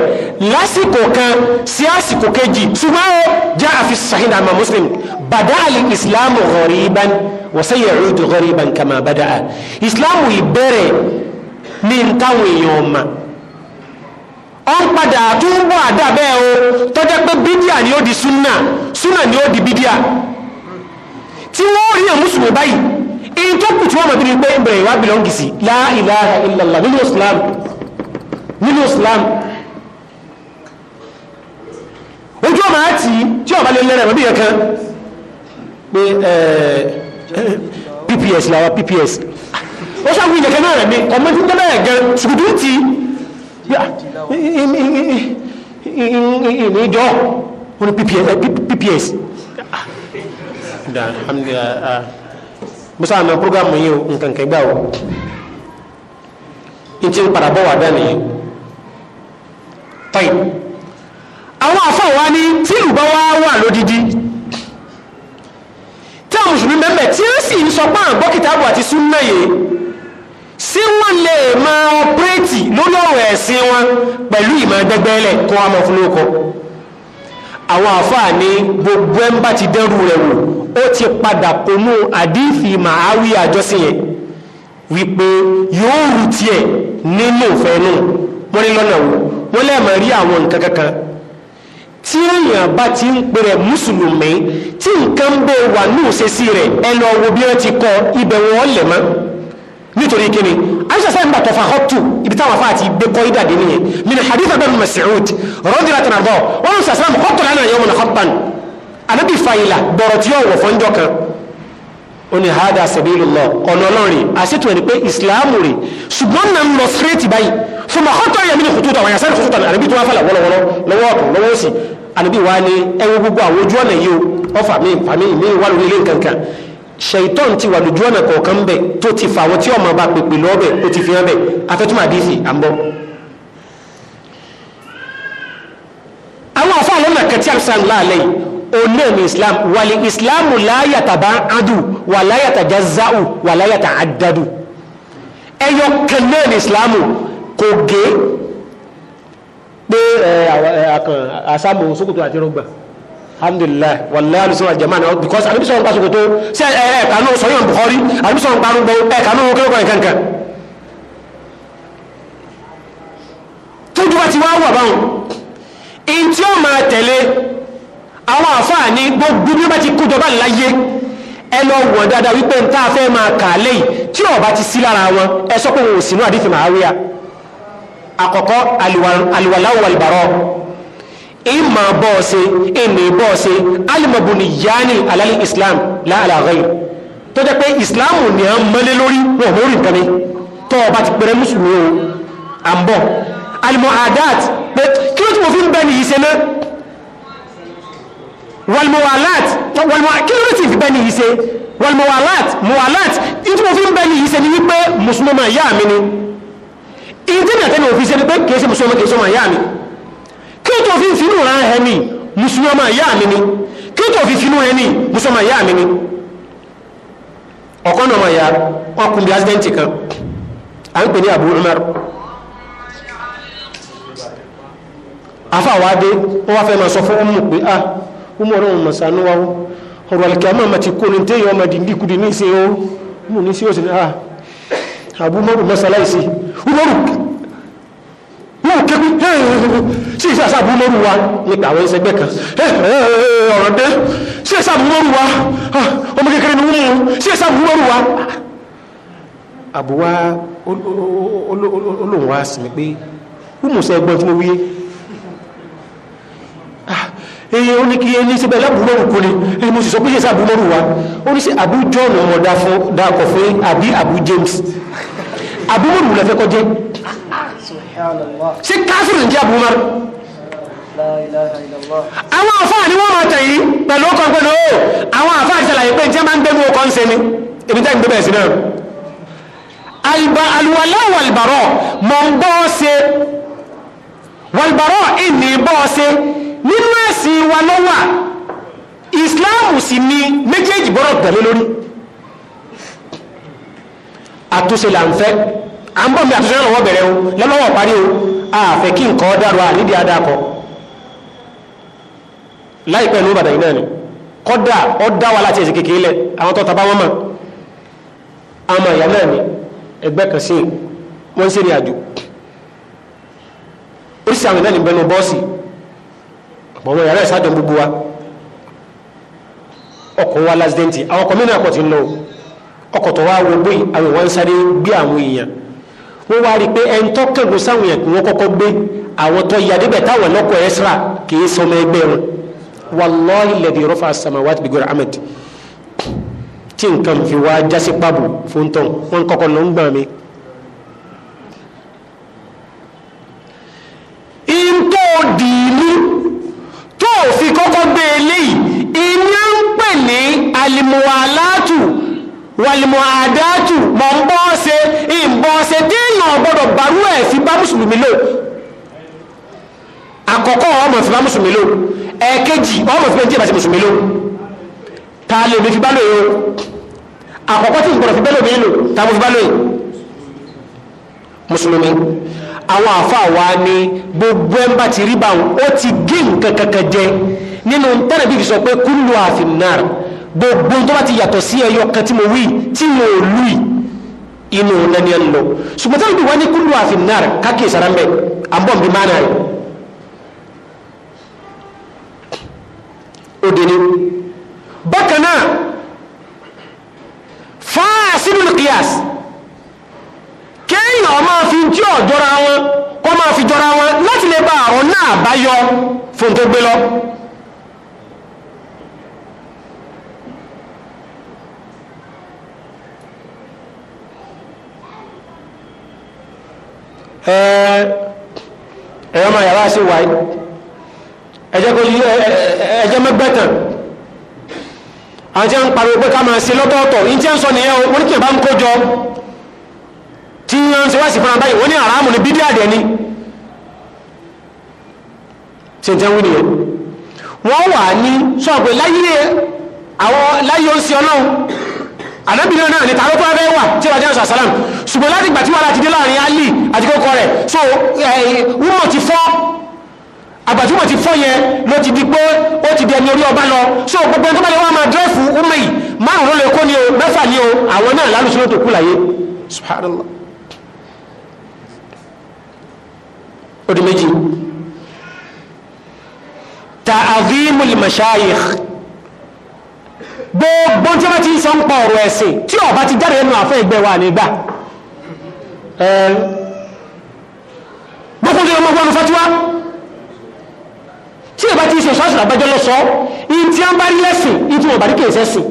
lásìkò kan sí àsìkò kejì ṣùgbọ́n ó jẹ́ àfi sahih àmà muslim bàdáàlì ìsìláàmù ghariban wa sayudu ghariban kama bàdáà ìsìláàmù ìbẹ̀rẹ̀ ní táwọn èèyàn ọmọ ọ ń padà tó ń bọ̀ àdá bẹ́ẹ̀ o tọ́jẹ́ pé bídíà ni ó di súnà súnà ni ó di bídíà tí wọ́n rí ẹ̀ mùsùlùmí báyìí èyí tó kù tí wọ́n mọ̀ bí ni pé ìbẹ̀rẹ̀ ìwà bìlọ̀ ń gìsì la ilaha illallah nínú islam nínú islam ojú ọmọ àti tí ọba lè lẹ́rẹ̀ mọ́ bí yẹn kan pé eh, pps làwọn pps ó ṣàkóso ìyẹ̀kẹ́ náà rẹ̀ mi ọmọ tí ń dẹ́bẹ̀rẹ̀ gan ṣùgbọ́n tí ìníjọ́ ó ní pps musa àmì programu yìí nǹkan kẹgbà o n ti padà bọ̀ wà dání tọ́yì àwọn àfọ̀ wa ni tí ìlú bá wá wà lódìdí tí àwọn mùsùlùmí mẹ́mẹ́ tí ó sì ń sọ pé àgbọ̀ kìtàbù àti súnnà yìí sí wọ́n lè máa ọpẹ́rẹ́tì lórí ọ̀rọ̀ ẹ̀sìn wọn pẹ̀lú ìmọ̀ kó wá mọ̀ fún lóko àwọn gbogbo ẹ̀ ń bá ti dẹ́rù rẹ̀ wò ó ti padà kónú àdífì màáwí àjọsìn yẹn wípé yóò rù tiẹ̀ nínú náà wọ́n ní lọ́nà wò wọ́n ti ń pè rẹ̀ mùsùlùmí tí nǹkan ń bẹ wà ní òṣèṣì rẹ̀ ẹ lọ wo bí wọ́n ti kọ nítorí kíni aisha sáyẹn bá tọfà họtù ibi táwọn afá àti gbé kọ́ídà dé nìyẹn min hadith abẹ́rù Mas'ud rọ́dìrà tẹ̀nà bọ̀ wọ́n sà sàlámù họtù lánàá yawmun khabban anábì fàyìlà bọ̀rọ̀ tí yóò wọ̀ fọ́njọ́ kan ó ní hada sabilullah ọ̀nà ọlọ́rin àṣetò ẹni pé ìsìláàmù rè ṣùgbọ́n náà ń lọ sírètì báyìí fún ma họtù ayé mi ní kùtù tàwọn yàtọ̀ kùtù tàwọn ànábì tó wá ṣèyítọ́n ti wà lójú ọ̀nà kọ̀ọ̀kan bẹ̀ tó ti fà wọ́n tí ọmọ bá pèpè lọ́bẹ̀ ó ti fi hàn bẹ̀ afẹ́túmọ̀ àdìsí à ń bọ̀. àwọn àfa àlọ́ nàkẹ́ tí àlùsàn láàlẹ́ yìí onáà ní islam wàlẹ̀ islam láyàtà bá adu wà láyàtà jazau wà láyàtà adadu ẹyọ kan náà ní islam kò gé pé àṣà mọ̀ sókòtò àti rọgbà alhamdulillah wàllayi alusun wa jama na because alibi sọ̀rọ̀ pàṣẹ kòtó ṣe ẹ ẹ kanu sọyọn bukhari alibi sọ̀rọ̀ kpanu bẹ ẹ kanu kéré kọrin kankan tójú wa ti wá wà báwọn ntí ó máa tẹ̀lé àwọn àfààní gbogbo bí ó bá ti kú jọba láyé ẹ lọ wọ̀ dáadáa wípé n tá a fẹ́ máa kà á lẹ́yìn tí ti sí lára wọn ẹ sọ pé òun ò sínú àdìsí màá wíyà àkọ́kọ́ àlùwàláwò àlùbàrọ̀ ima bọ́ọ̀sẹ̀ ìní bọ́ọ̀sẹ̀ alimabuni yaani alali islam láàlá ghayr tó jẹ́ pé islam ni a mọ́lé lórí wọn lórí nǹkan mi tó ọba ti pẹ̀rẹ̀ mùsùlùmí o à ń bọ̀ alimọ̀ adat pé kí ló tí mo fi ń bẹ́ ni yìí ṣe náà walmuwalat kí ló ti fi bẹ́ ni yìí ṣe walmuwalat muwalat ìtí mo fi ń bẹ́ ni yìí ṣe ni wípé mùsùlùmí yá mi ni ìdí nàtẹ́ni òfin ṣe ni pé kìí ṣe mùsùlùmí kìí ṣe mọ̀ yá mi kí tó fi finú ra ẹni musulman yá mi ni kí tó fi finú ẹni musulman yá mi ni ọ̀kan náà ya ọkùnrin asidẹ́ntì kan à ń pè ní Abu Umar afáwádé wọ́n wá fẹ́ máa sọ fún ọmọ pé ah ọmọ ọ̀rọ̀ ọmọ sanuwa ọ̀rọ̀ alìkàmọ́ àmà ti kó ní téèyàn ọmọ dìndínkù ní ìṣe ó mú ní sí òsì ní ah Abu Umaru mọ́sálásí Umaru yóò kébí sí ìṣe àṣàbù lóru wa nípa àwọn ẹsẹgbẹ́ kan ọ̀rọ̀ dé sí ìṣàbù lóru wa ọmọ kékeré ni wọ́n mú sí ìṣàbù lóru wa. àbúwá olóhùn wa sì ni pé wúmùsẹ̀ ẹgbọ́n tí mo wíyé èyí ó ní kí ẹni síbẹ̀ lábúlọ́rù kú ni ẹni mo sì sọ pé yẹsẹ̀ àbúlọ́rù wa ó ní sí àbú john ọmọ dákọ̀ fún àbí àbú james àbúlọ́rù lẹ́fẹ́ kọjẹ́ ṣe káfíìrì jẹ́ Abu Umar àwọn àfáà ni wọ́n máa tẹ̀ yìí pẹ̀lú ọkọ̀ pẹ̀lú ó àwọn àfáà ti sàlàyé pé jẹ́ máa ń gbẹ́gbé ọkọ̀ ń ṣe ni ibi tẹ́ ń gbé bẹ̀ẹ̀ sí náà alba alwala walbaro mọ̀ ń bọ́ ṣe walbaro ìní bọ́ ṣe nínú ẹ̀sìn wa ló wà ìsìláàmù sì ni méjèèjì bọ́rọ̀ tẹ̀lé lórí àtúnṣe là ń fẹ́ à ń bọ̀ mi àtúnṣe lọ́wọ́ bẹ̀rẹ̀ o lọ́lọ́wọ́ parí o àfẹ́ kí nǹkan dàrú ànídìí adakọ láìpẹ́ ní ìbàdàn yìí ni kọ́dà ọ dá wa láti ẹ̀sìn kékeré lẹ̀ àwọn tó tabá wọn mọ̀ àmọ́ ìyá náà ni ẹgbẹ́ kan sí wọ́n ń ṣe ìrìn àjò oríṣi àwọn ìnáni bẹnu bọ́ọ̀sì ọmọ yàrá ìsájọ gbogbo wa ọkọ̀ wa lásìdẹ́ntì àwọn ọkọ̀ mìíràn pọ̀ ti ń lọ ọkọ̀ tó wá wọgbé àwọn ìwọ̀n sáré gbé àwọn èèyàn ó wá rí i pé ẹni tó kẹ̀gùn sáwọn yẹn kí wọ́n kọ́kọ́ gbé àwọn tó yà níbẹ̀ táwọn lọ́kọ̀ ẹ̀sra kì í sọmọ ẹgbẹ́ wọn wàlọ́ọ̀hì lẹ́dí rọ́fà samawati bigor ahmed tí nǹkan fi wá jásí pàbò fún tán wọn kọ́kọ́ ló ń gbà mí. ìntò dìímú tó fi kọ́kọ́ gbé eléyìí ìní ń pè ní alimuwalatu walimuadatu mọ̀ ń bọ́ ṣe ń bọ́ ṣe ọgbọ́dọ̀ barú ẹ̀ fi bá mùsùlùmí lò àkọ́kọ́ ọmọ fi bá mùsùlùmí lò ẹ̀ẹ̀kejì ọmọ fi bá jẹ́ ìbáṣe mùsùlùmí lò ta lè mi fi bá lò o àkọ́kọ́ tí ìgbọ̀nà fi bá lò lò ta mo fi bá lò mùsùlùmí àwọn àfáà wa ni gbogbo ẹ̀ ń bá ti rí báwọn ó ti gé nǹkan kankan jẹ nínú tẹ́lẹ̀ bí fi sọ pé kúlù àfin náà gbogbo tó bá ti yàtọ̀ sí ẹyọ kan tí mo wí tí mo lù yìí inú nani ẹ̀ ń lọ ṣùgbọ́n táwọn ìdí wa ní kúlù àfi náà káàkiri sara ń bẹ̀ à ń bọ̀ nbí máa náà yẹ. ó dé ní bákan náà fásinul qiyas kéèyàn máa fi tí o jọra wọn kó máa fi jọra wọn láti lè bá àrùn náà bá yọ fún tó gbé ẹ̀rọ máa yàrá sí wáyé ẹ̀jẹ̀ kò yí ẹ̀jẹ̀ mẹ́gbẹ̀tàn àti à ń pariwo pé ká máa ṣe lọ́tọ̀ọ̀tọ̀ ní tí ń sọ nìyẹn o oníkè bá ń kójọ tí wọ́n ń ṣe wá sí fúnra báyìí wọ́n ní àràmù ní bídí àdẹ ni ṣe ń tẹ́ wí nìyẹn wọ́n wà ní sọ̀pẹ̀ láyé àwọn láyé ó ń ṣe ọlọ́run àdábìnrin náà ni tààrọ́ tó wá fẹ́ wà tí ó jẹ́ sàlám ṣùgbọ́n láti gbà tí wà láti dé láàrin alì àti rẹ̀ so wúmọ̀ ti fọ́ àgbàtúmọ̀ ti fọ́ yẹn ló ti di pé ó ti di ẹni orí ọba lọ so gbogbo ẹni tó bá lè wá máa dẹ́fù wúmọ̀ yìí márùn ló lè kó ni o mẹ́fà ni o àwọn náà lálùsọ́nà tó kú láyé subhanallah ó méjì ta'azimul mashayikh gbogbo tí wọ́n ti ń sọ ń pa ọ̀rọ̀ ẹ̀sìn tí ọba ti jáde nínú àfẹ́ ìgbẹ́ wa nígbà gbogbo tí wọ́n gbọ́nu fatiwa tí ọba ti ṣe ṣọ́ọ̀ṣì àbájọ́ lọ sọ ìtì àbárí lẹ́sìn ìtì wọn bàrí kèsẹ́ sìn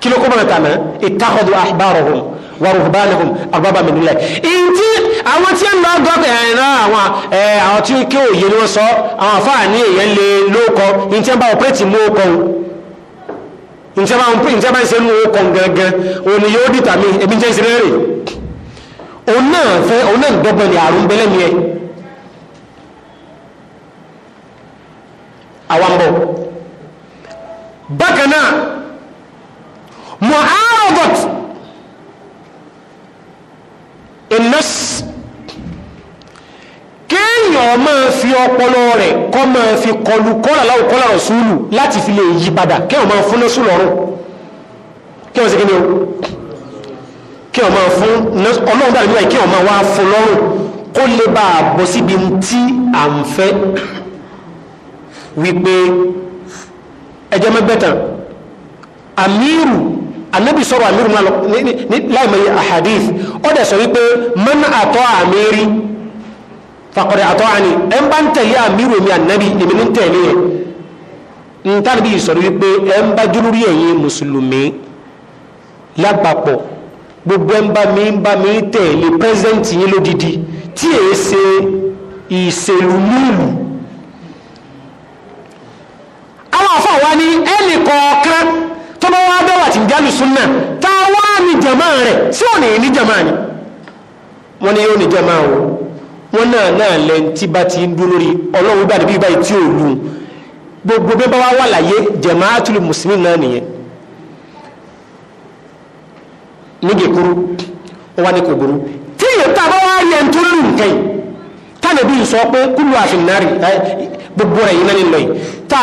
kí ló kó bọ̀ mẹ́ta mẹ́ ittakhadhu ahbarahum wa ruhbanahum arbaba min Allah ìtì àwọn tí ń lọ gọ́kẹ̀ ẹ̀rìn náà àwọn àwọn tí kí òye ni wọ́n sọ àwọn àfáà ní èèyàn lè lóko ìtì àbá ọ̀pẹ́ẹ̀tì mú ó kọ́ ìjọba ń pè ìjọba ń ṣe ní owó kan gangan òun ni yóò dìtà mí ebi jẹ́ ìṣẹ́lẹ̀ rẹ̀ òun náà fẹ́ òun náà dọ́gbọ̀n ní àrùn bẹ́lẹ́mi ẹ̀ àwọn bọ̀ bákan náà mọ̀ àrọ̀bọ̀t kéèyàn máa fi ọpọlọ rẹ̀ kọ́ máa fi kọlu kọ́là láwù kọ́là rọ̀súlù láti fi lè yí padà kéèyàn máa fún lọ́sùn lọ́rùn kéèyàn sì kí ni o kéèyàn máa fún ọlọ́run dàbí wáyé kéèyàn máa wá fún lọ́rùn kó lè bá a bọ̀ síbi tí à ń fẹ́ wípé ẹjẹ́ mẹ́gbẹ́tàn amíru anabi sọ̀rọ̀ amíru náà láì mọ̀ yẹ ahadith ọ̀dẹ̀ sọ wípé mọ́nà àtọ́ àmírí faqad ata'ani ẹ̀ ń bá ń tẹ̀lé àmírò mi ànábì èmi ní tẹ̀lé yẹn ń tàbí ìsọ̀rọ̀ wípé ẹ̀ ń bá jólórí ẹ̀yin mùsùlùmí lápapọ̀ gbogbo ẹ̀ ń bá mi ń bá mi tẹ̀lé pẹ́sẹ́ǹtì yín lódidi tí èé ṣe ìṣèlú àwọn àfọ̀ wa ẹnì kọ̀ọ̀kan tó bá wá bẹ́wà tí ń jálù súnà tá a ní jàmáà rẹ̀ sí òní ní jàmáà ni wọ́n ní yóò ní jàmáà o. wọn náà náà bá ti ń dúró lórí ọlọ́run gbà níbi báyìí tí ò lù gbogbo bí bá wà wà láyé jamaatul muslimin náà nìyẹn nígèkúrú ó wá ní kò burú tí èyí tá a bá wá rí ẹni tó lù nǹkan yìí táwọn ẹbí sọ gbogbo yìí náà nílò yìí tá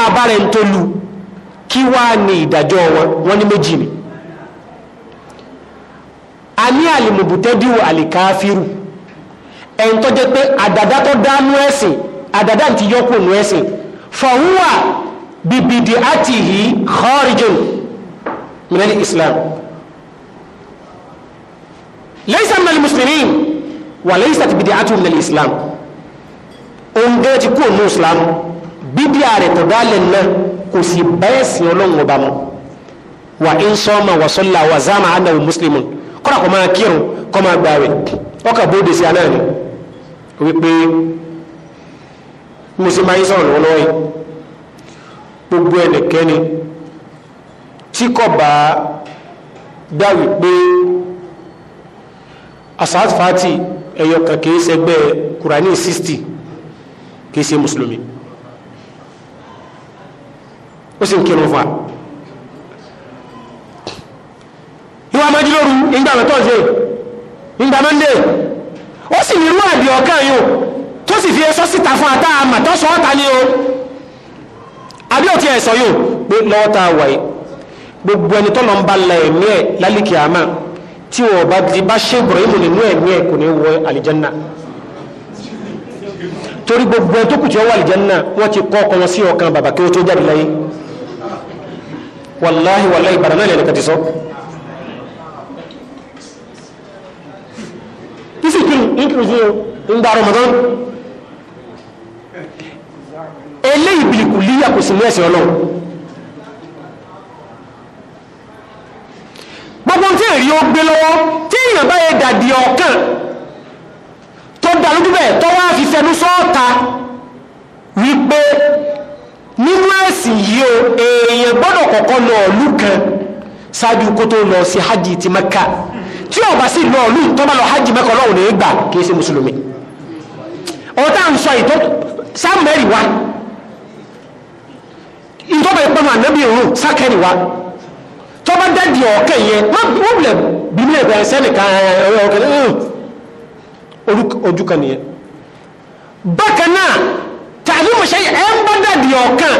ẹni tó jẹ́ pé àdàdá tó dá nú ẹ̀sìn àdàdá ti yọ kó nú ẹ̀sìn fọ̀húnwà bìbìdì àti yìí kharijun minal islam laysa minal muslimin wà laysat bid'atuhu minal islam òun gẹ́gẹ́ ti kó nú islam bíbí ààrẹ tó dá lẹ́nu náà kò sì bẹ́ẹ̀ sìn ọlọ́run ọba mu wà ń sọ́ọ́mà wà sọ́là wà záàmà àdáwò muslimun kọ́ra kọ́ máa kírun kọ́ máa gbààwẹ̀ ọkà bóde sí anáà wípé mo ṣe máa ń sọ̀rọ̀ lọ́wọ́lọ́wọ́ yìí gbogbo ẹnikẹ́ni tí kò bá dá wípé asad fati ẹyọ kìí ṣẹgbẹ́ kurani sixty, kìí ṣe mùsùlùmí ó sì ń kírun fún wa ìwà amájúlóru ìgbà mẹ́tọ́ọ̀sẹ̀ ìgbà mọ́ndé ó sì ní irú àbí ọ̀kan yìí o tó sì fi ẹsọ síta fún ata àmà tó sọ ọ́ta ni o àbí òtí ẹ̀sọ yìí o pé lọ́wọ́ tá a wà yìí gbogbo ẹni tó lọ ń ba la ẹ̀mí ẹ̀ lálìkì àmà tí wọ́n bá di bá ṣe Ibrahim nínú ẹ̀mí ẹ̀ kò ní wọ àlìjánná torí gbogbo ẹni tó kù tí wọ́n wà àlìjánná wọ́n ti kọ́ ọkọ wọn sí ọkàn bàbá kí wọ́n tó jáde láyé wàláhi wàláhi ìbàdàn náà kìsì kìrì ìkìrì sí ń gba Ramadan eléyìí bìlìkù líyà kò sí ní ẹ̀sìn ọlọ́run gbogbo tí èrí ó gbé lọ́wọ́ tí èèyàn bá yẹ dàdí ọ̀kan tó dá lójú bẹ́ẹ̀ tó wá fi fẹnu nínú ẹ̀sìn yìí o èèyàn gbọ́dọ̀ kọ́kọ́ lọ ọ̀lú ṣáájú kó tó lọ sí hajj ti Mẹ́kà tí o bá sì lọ ọ̀lú tó bá lọ hajj mẹ́kọ̀ọ́ lọ́wọ́ lè gbà kì í ṣe mùsùlùmí ọ̀tá ń sọ ìtọ́ sáàmùmẹ́rì wa ìtọ́ba ìpamọ́ ànábì òun sákẹ́rì wa tọ́ba dẹ́dì ọ̀kẹ́ yẹn má problem bí mi ẹ̀bẹ̀ ẹ̀sẹ́ nìkan ọ̀rẹ́ ọ̀kẹ́ ojú kan nìyẹn bákan náà tàbí mo ṣe ń bá dẹ́dì ọ̀kan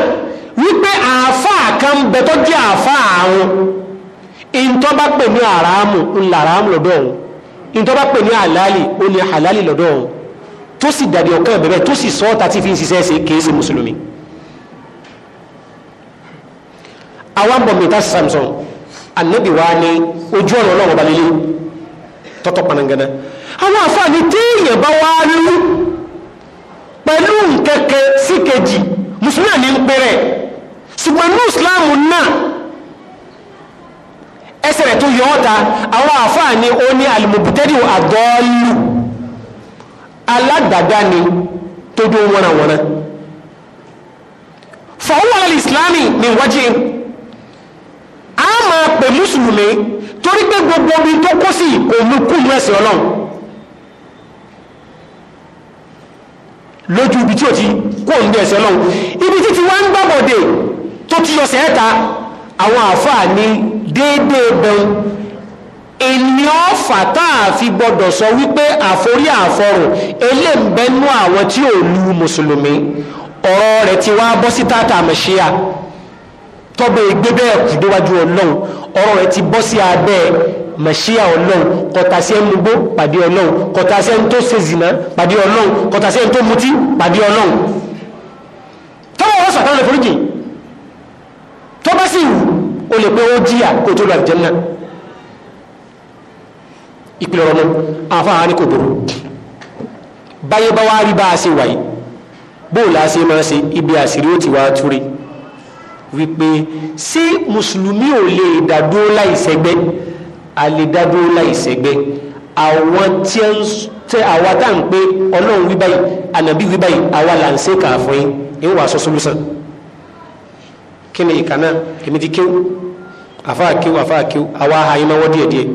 wípé àáfàá kan bẹ tó jẹ́ àáfàá àwọn ìntọ́ bá pè ní àràámù ńlá àràámù lọ́dọ̀ òun ìntọ́ bá pè ní àlálì ó ní àlálì lọ́dọ̀ òun tó sì dàbí ọ̀kan bẹ̀rẹ̀ tó sì sọ ọ́ta tí fi ń ṣiṣẹ́ ṣe kìí ṣe mùsùlùmí. àwọn bọ̀ mẹ́ta samson anabi wa ni ojú ọ̀nà ọlọ́run ọba lélẹ̀ tọ́tọ́ panangana àwọn àfààní téèyàn bá wá lú pẹ̀lú nkẹ́kẹ́ sí kejì mùsùlùmí àní ń pẹ́rẹ̀ ṣùgbọ́n ní ìsìláàmù náà ẹsẹ̀ rẹ̀ tó yọ ọ́ta àwọn àfáà ni ó ní alìmọ̀bùtẹ́dì àgọ́ọ̀lù aládàgbà ni tó dún wọ́nàwọ́nà fọwọ́ alìsìláàmì ní wájí a máa pè mùsùlùmí torí pé gbogbo omi tó kó sí òmùkùnmù ẹ̀sìn ọlọ́run lójú ibi tí ò ti kó òun bí ẹ̀sìn ibi títí wọ́n ń gbàbọ̀dẹ̀ tó ti yọ sẹ́ẹ̀ta àwọn àfáà déédéé bẹun èmi ọ̀fà tá a fi gbọdọ̀ sọ wípé àforí àforò eléǹbẹ́nú àwọn tí ò lu mùsùlùmí ọ̀rọ̀ rẹ̀ ti wá bọ́ sí tààtà mẹ́ṣíà tọ́bẹ̀ gbé bẹ́ẹ̀ kù déwájú ọlọ́run ọ̀rọ̀ rẹ̀ ti bọ́ sí abẹ́ mẹ̀ṣíà ọlọ́run kọ̀tàṣẹ́ ń mugbó pàdé ọlọ́run kọ̀tàṣẹ́ ń tó ṣe zìnà pàdé ọlọ́run kọ̀tàṣẹ́ ń tó mutí pàdé ọlọ́run tọ́wọ́ wọ́n sọ̀tàn lè foríjì tọ́bẹ́ sì wù ó lè pé ó jíyà kó tó lọ àjẹ́nà ìpìlẹ̀ ọ̀rọ̀ náà àfáà ní kò burú báyé bá wá rí bá a ṣe wáyé bóòlù àṣe máa ṣe ibi àṣírí ó ti wá túrí wípé ṣé mùsùlùmí ò lè dádúró láìsẹgbẹ́ a lè dádúró láìsẹgbẹ́ àwọn tí ń tẹ àwa tá à ń pé ọlọ́run wí báyìí ànàbí wí báyìí àwa là ń ṣe kàá fún yín ìwà sọ solution kí ni ìkànnà èmi ti kéwù afa kiw afa kiw awa ahayin ma wọ díẹ̀ díẹ̀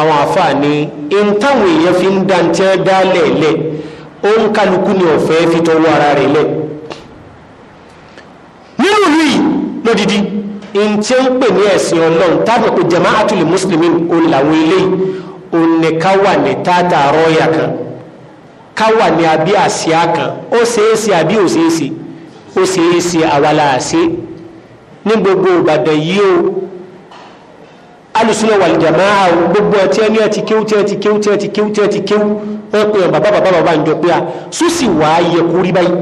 àwọn afa ni ntáwọn èèyàn fi ń dantẹ́ dálẹ̀ lẹ̀ ó ń kálukú ni ọ̀fẹ́ fi tọwọ́ ara rẹ̀ lẹ̀ nínú ìlú yìí lódìdí ntí ń ní ẹ̀sìn ọlọ́run tábà pé jama'atul muslimin òun làwọn eléyìí òun wà ní tata rọ́ọ̀yà kan ká wà ní abí àsíá kan ó ṣeé ṣe àbí ó ṣeé ṣe ó ṣeé ṣe àwa la ṣe ní gbogbo ìbàdàn yìí o alùsùnà wàlìjàmá àwọn gbogbo ẹtí ẹni ẹtí kéwú tí ẹtí kéwú tí ẹtí kéwú tí ẹtí kéwú wọn pe ọ bàbá bàbá bàbá ìjọ pé a sùsì wà á yẹ kú báyìí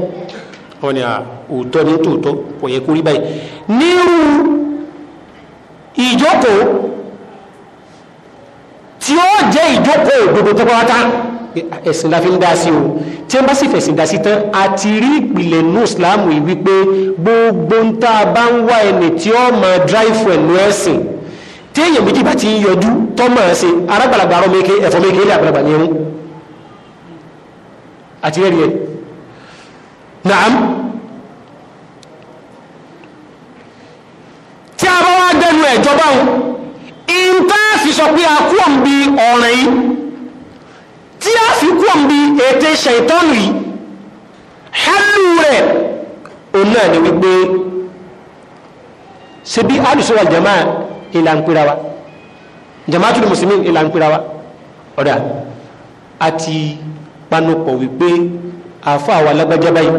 wọn ni òótọ́ ẹ̀sìn la fi ń dá sí o tí wọ́n bá sì fẹ̀sìn dá sí tán a ti rí ìpìlẹ̀ nù ìsìláàmù yìí wípé gbogbo ń tá a bá ń wá ẹni tí ó máa drive ẹ̀nu ẹ̀sìn tí èèyàn méjì bá ti ń yọjú tó máa ṣe arágbàlagbà arọ méke ẹ̀fọ́ méke ilé àgbàlagbà ni ẹ̀hún àti ẹ̀rí ẹ̀ nàám tí a bá wá gbẹnu ẹ̀jọba ń ìntàfi sọ pé a kú òǹbi ọ̀rìn yìí tí a fi kú òmbi ètè ṣàìtọ́nù yìí hálù rẹ̀ òun náà ni wípé ṣe bí alùsọ́wà jama ìlà ń pera wa jama tó ní mùsùlùmí ìlà ń pera wa ọ̀dà àti panupọ̀ wípé àfọ àwọn alágbájá báyìí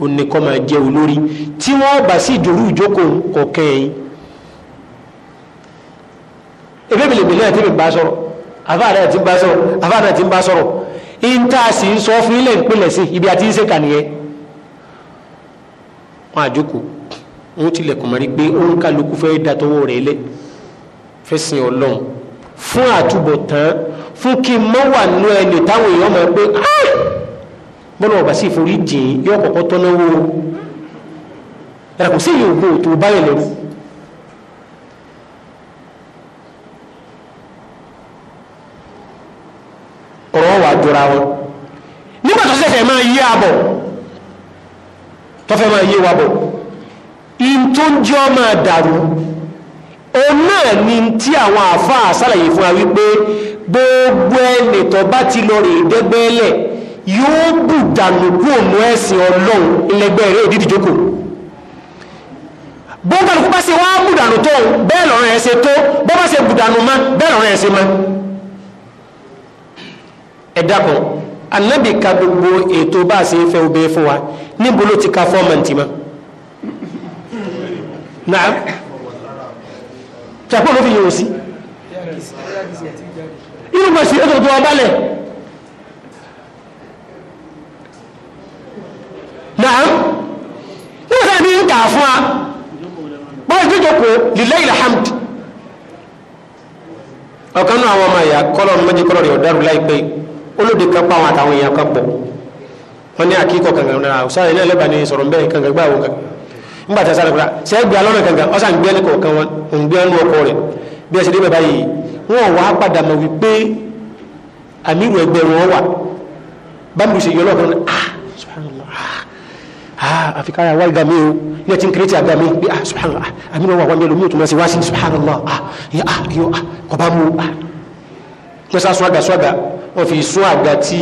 òun máa jẹ́ olórí tí wọ́n bá sí ìjòrú ìjókòó kọ̀ọ̀kan ẹ̀yìn ebébìlèbìlẹ̀ àti ìbá sọ̀rọ̀ àfáàdà tí ń bá sọ̀rọ̀ àfáàdà tí ń bá sọ̀rọ̀ ìntà sì ń sọ fún ilé ìpínlẹ̀ sí ibi àti ìṣe kànìyẹ wọn àjókòó wọn tilẹ̀kùn mọ́rí pé ó ń kálukú fẹ́ da tọwọ́ rẹ̀ lẹ̀ fẹ́sìn ọlọ́run fún àtúbọ̀tán fún kí n mọ́ ẹni táwọn èèyàn mọ̀ pé bọ́lá ọ̀bà sì forí jìn yóò kọ́kọ́ tọ́náwó ẹ̀rọ kò sí ìyókù tó báyẹ̀ lẹ́nu ọ̀rọ̀ wà jọra wọn nígbà tó ṣẹ̀ṣẹ̀ máa yí abọ̀ tọ́fẹ́ máa yí wa bọ̀ in tó ń jẹ́ ọmọ dàrú òun náà ni tí àwọn àáfàá sàlàyé fún wa wípé gbogbo ẹni tó bá ti lọ rè dẹ́gbẹ́lẹ̀ yóò bù dànù kú òmù ẹ̀sìn ọlọ́run ilẹ̀gbẹ́ rẹ̀ òdìdì jókòó bó kálukú bá se wá bù dànù tó bẹ́ẹ̀ lọ́rọ̀ ẹ̀ ṣe tó bó bá ṣe bù dànù bẹ́ẹ̀ lọ́rọ̀ ẹ̀ ṣe mọ́ ẹ̀dàkùn anábì ka gbogbo ètò bá a ṣe fẹ́ obìnrin fún wa níbo ló ti ka fọ́ọ̀mọ̀ntì mọ́ na tẹ̀kọ́ ló fi yòó sí inú bá ṣe ètò tó wà balẹ̀ naam nígbà tá ní ń fún wa bọ́ọ̀ jíjọkọ̀ lílẹ̀ ìlàhàmdì ọ̀kanú àwọn ọmọ ẹ̀yà kọ́lọ̀ méjì kọ́lọ̀ rẹ̀ ọ̀dàrú láìpẹ́ yìí olóde kan pa àwọn àtàwọn èèyàn kan pọ̀ wọ́n ní àkíkọ̀ kankan náà ọ̀sára ilé ẹlẹ́bàá ni sọ̀rọ̀ ń bẹ́ẹ̀ kankan gbá àwọn kan nígbà tí a sáré kura ṣe é gbé alọ́nà kankan ọ̀sán gbé ẹnì kọ̀ọ̀kan wọn òun gbé ẹnu ọkọ rẹ̀ bí ẹ ṣe dé bàbá yìí wọn wà á padà mọ̀ wípé àmírù ẹgbẹ́ wọn wà bámi ṣe yọ lọ́kàn ah subhanallah ah, ah àfikára wà gàmí o ní ẹ ti ń kéré tí a subhanallah ah, àmírù wà wà ní ẹlòmíràn tó máa ṣe wá sí subhanallah ah yẹ ah ah kọ ah pẹ́sà swaga swaga wọ́n fi sún àga tí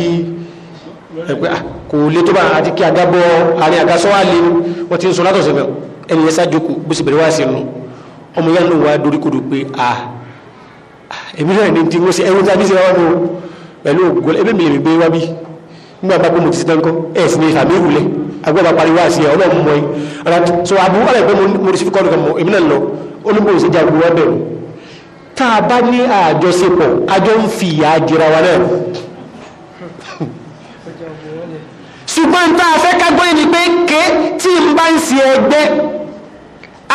ah, kò lè tó bá àti kí àga bọ́ àárín àga sọ́wọ́ àlè wọ́n ti ń sọ látọ̀ sẹ́fẹ̀ ẹni yẹn sájókòó bó sì bẹ̀rẹ̀ wá sí nu ọmọ yẹn ló wá doríkodò pé a ah, ah, èmi náà ní ti ń wọ́sẹ̀ ẹ̀rọ tàbí sẹ́wọ́n nù pẹ̀lú ògùn ẹ̀mí mi èmi gbé wá bí nígbà bá gbé mo ti sẹ́ńkọ́ ẹ̀ sì ní ìfàmì ìrùlẹ̀ agbẹ́bà pariwo àti ẹ̀ ọlọ́run mọ́ ẹ so àbúrò àlẹ́ pé mo ti fi kọ́ ọ́ tá a bá ní àjọṣepọ̀ àjọ ń fi ìyà jìra wa náà ṣùgbọ́n tá a fẹ́ kágbọ́ ni pé ké tí n bá ń ṣe ẹgbẹ́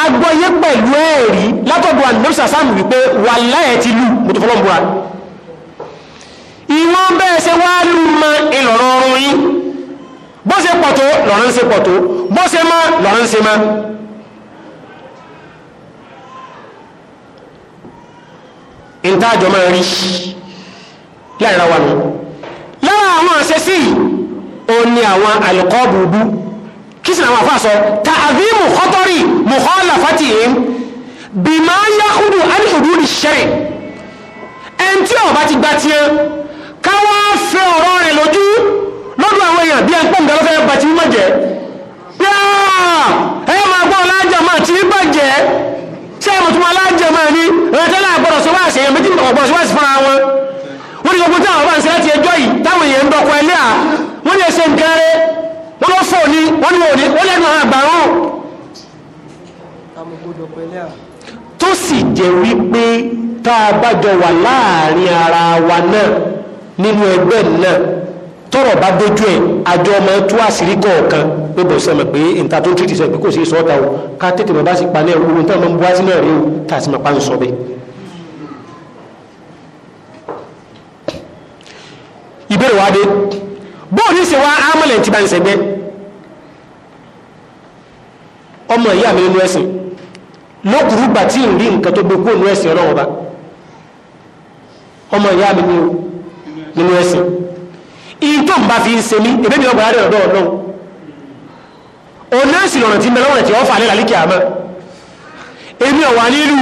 agbọ́yé pẹ̀lú ẹ̀rí látọ̀dọ̀ ànàmísà sáàmù wípé wà láyẹ̀ ti lù mo tó fọlọ́ bùra ìwọ́n bẹ́ẹ̀ ṣe wá lù mọ ìlọ̀rọ̀ ọrùn yín bó ṣe pọ̀ tó lọ́rọ̀ ń ṣe pọ̀ tó bó ṣe mọ́ lọ́rọ̀ ń ṣe mọ́. ìntájọ máa rí láìra wa nù lára àwọn àṣẹsí ò ní àwọn àlùkọ́ bùbú kí sì ni àwọn àfa sọ tàbí mùkọ́tọ́rì mùkọ́lá fatihim bí máa ń yákúdù ánìkùdù ní ṣẹ́rẹ̀ ẹn tí ọba ti gba tiẹ káwá fẹ́ ọ̀rọ̀ rẹ̀ lójú lọ́dọ̀ àwọn èèyàn bí ẹn pọ̀ ń galọ́fẹ́ bàtí mímọ̀ jẹ́ èèyàn méjì ọ̀pọ̀ síwájú fúnra wọn wọ́n ní gbogbo tí àwọn bá ń ṣe láti ẹjọ́ yìí táwọn èèyàn ń dọ́kọ ẹlẹ́ à wọ́n ní ẹsẹ̀ nǹkan wọ́n ló fò ní wọ́n ní òní wọ́n lẹ́nu àgbàrún. tó sì jẹ́ wípé tá a bá jọ wà láàrin ara wa náà nínú ẹgbẹ́ náà tọrọ bá dojú ẹ àjọ ọmọ tú àṣírí kọ̀ọ̀kan pé bọ̀ sẹ́mi pé níta tó ń tìrìtì sẹ́mi pé kò sí sọ́ọ́ta o ká tètè mọ̀ bá sì pa ní ẹ̀rọ ohun tí ń bu wá sí náà rí o tá a sì máa pa ń sọ bẹ́ẹ̀. ibere wa dé bóòlù sì wá ámọ̀lẹ̀ tí bá ń ọmọ ìyá mi nínú ẹ̀sìn lókùrú gbà tí nǹkan tó gbogbo nínú ẹ̀sìn ọlọ́wọ́ bá ọmọ ìyá mi fi ń mi ọgbà ọlọ́run ọ̀nà ẹ̀sìn tí ń bẹ lọ́wọ́ rẹ̀ tí wọ́n fà lẹ́la líkì àmọ́ èmi ọ̀wà ìlú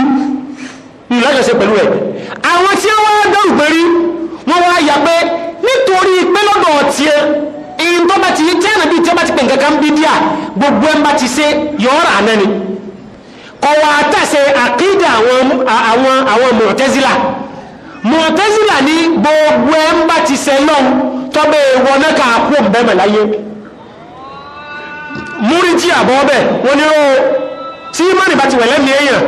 lájọṣe pẹ̀lú nítorí pé lọ́dọ̀ ọ̀tí ẹ èyí tó bá ti tí ẹ̀nà bíi tí ó bá ti pè nǹkan bí díà gbogbo ẹ̀ ń bá ti ṣe yọ̀ọ́rà náà ni kọ̀wá àtàṣe àkídà àwọn àwọn mọ̀tẹ́sílà mọ̀tẹ́sílà ní gbogbo ẹ̀ ń bá ti ṣe lọ́hùn tọ́bẹ̀ wọn náà kà á kú òǹbẹ́mẹ̀ láyé múrí tí àbọ̀ ọbẹ̀ wọn ni ó tí ìmánì bá ti wẹ̀ lẹ́mìí èèyàn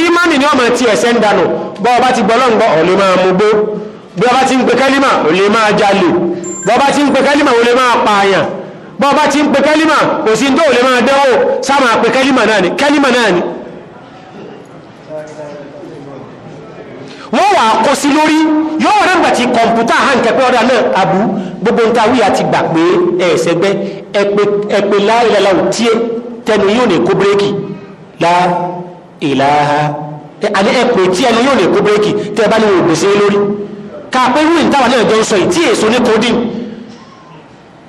ìmánì ni ọmọ ti ẹ̀sẹ̀ ń danù bọ́ ọ bá ti gbọ́ lọ́ngbọ́ ọ̀ máa mú gbó bí ọba ti ń pe kẹ́límà ò lè máa jalè bọ́ba ti ń pe kẹ́límà ò lè máa pààyàn bọ́ba ti ń pe kẹ́límà kò sí tó ò lè máa dẹ́wò sáàmà pe kẹ́límà náà ni kẹ́límà náà ni wọ́n wà kó sí lórí yóò wọ́n nígbà tí kọ̀mpútà hàn kẹ́pẹ́ ọ̀dà náà àbú gbogbo ń wíyà ti gbà pé ẹ̀ẹ́sẹ̀gbẹ́ ẹ̀pẹ́ láìláìlá ò tiẹ̀ tẹnu yóò ní kó bírèkì la ìlàhà àní ẹ̀pẹ́ tí ẹnu yóò ní kó bírèkì tẹ́ bá ní òògùn sí lórí ká pé irú ìtawàlẹ̀ ọjọ́ sọ ìtí èso ní kòdí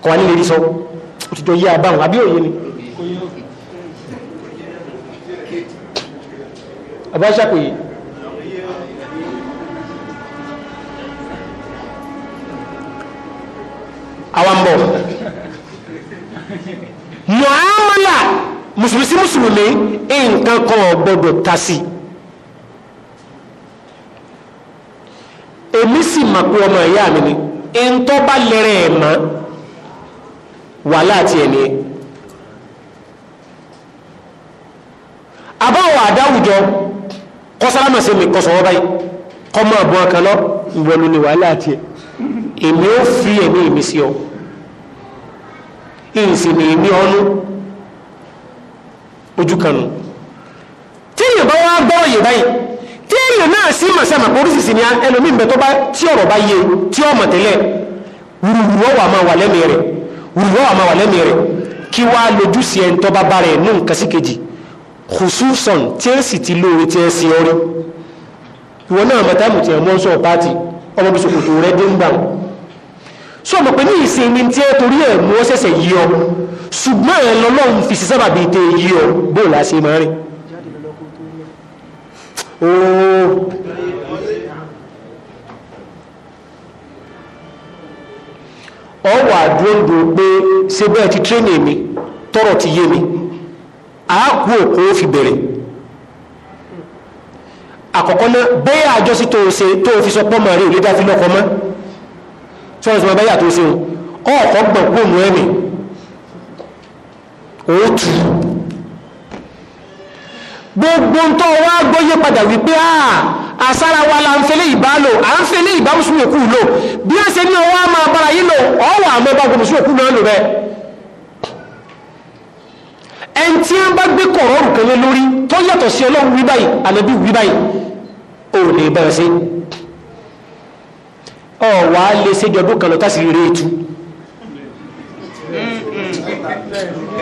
kọ̀ wà nílé rí sọ ó ti jọ yí abáhùn àbí òye ni àbáṣàkòyè awambo muamala musulmi sí musulmi nǹkan kan ò gbọdọ̀ tasi. èmi sì mà pé ọmọ ẹ̀yà mi ni ntọ́ bá lẹ́rẹ̀ ẹ̀ mọ́ wàhálà tiẹ̀ ni àbáwọ̀ àdáwùjọ kọ́sálámà sí mi kọ́sọ̀rọ̀ báyìí kọ́ máa bọ́ ọkàn lọ wà láti wàhálà èmi ó fi ẹ̀mí mi sí ọ ojú kanu tí wá báyìí tí èyàn náà sí màsàmà oríṣiríṣi ni ẹlòmí ń bẹ tó bá tí ọ̀rọ̀ bá yé tí ọmọ tẹ́lẹ̀ wùrùwùrọ̀ wà máa wà lẹ́mìí rẹ̀ wùrùwùrọ̀ wà máa wà lẹ́mìí rẹ̀ kí wá lójú sí ẹni tó bá bá rẹ̀ ní nǹkan sí kejì kùsùsàn tí ẹ sì ti lóore tí ẹ sì ọrí ìwọ náà mọ̀tàmù tí ẹ mọ́ pàtì ọmọ bí sòkòtò rẹ dé ń gbà sọ mọ̀ pé ní ìsinmi tí ẹ torí ẹ̀ mú ọ ṣẹ̀ṣẹ̀ yí ọ ṣùgbọ́n ẹ lọ́lọ́run fi sí tẹ yí ọ bóòlù àṣemọ́rin o ọ wà dúró pé ṣe ti tírẹ́nì mi tọrọ ti yé mi àákú òkú ó fi bẹ̀rẹ̀ àkọ́kọ́ náà bẹ́ẹ̀ àjọsí tó ṣe tó fi sọ pọ́ màrí òlé dáfí lọ́kọ mọ́ tí wọ́n sì máa tó ṣe ọ̀kọ́ gbọ̀ngbọ̀n ẹ̀mí otu. gbogbo tó wá gbóyé padà wípé ah, àà àsára wa la ń fẹ́lẹ́ ìbálò à ń fẹ́lẹ́ ìbá mùsùlùmí òkú lò bí ó ṣe ní ọwọ́ a máa bára yí lò ọwọ́ àmọ́ bá gbogbo mùsùlùmí òkú náà lò rẹ ẹni tí ń bá gbé kọ̀rọ̀ òrùkẹ́lẹ́ lórí tó yàtọ̀ sí ọlọ́run wí báyìí àlẹ́bí wí báyìí ò lè bẹ̀rẹ̀ sí ọ̀wà lè ṣe jọdún kan lọ tásìrì rẹ̀ ètú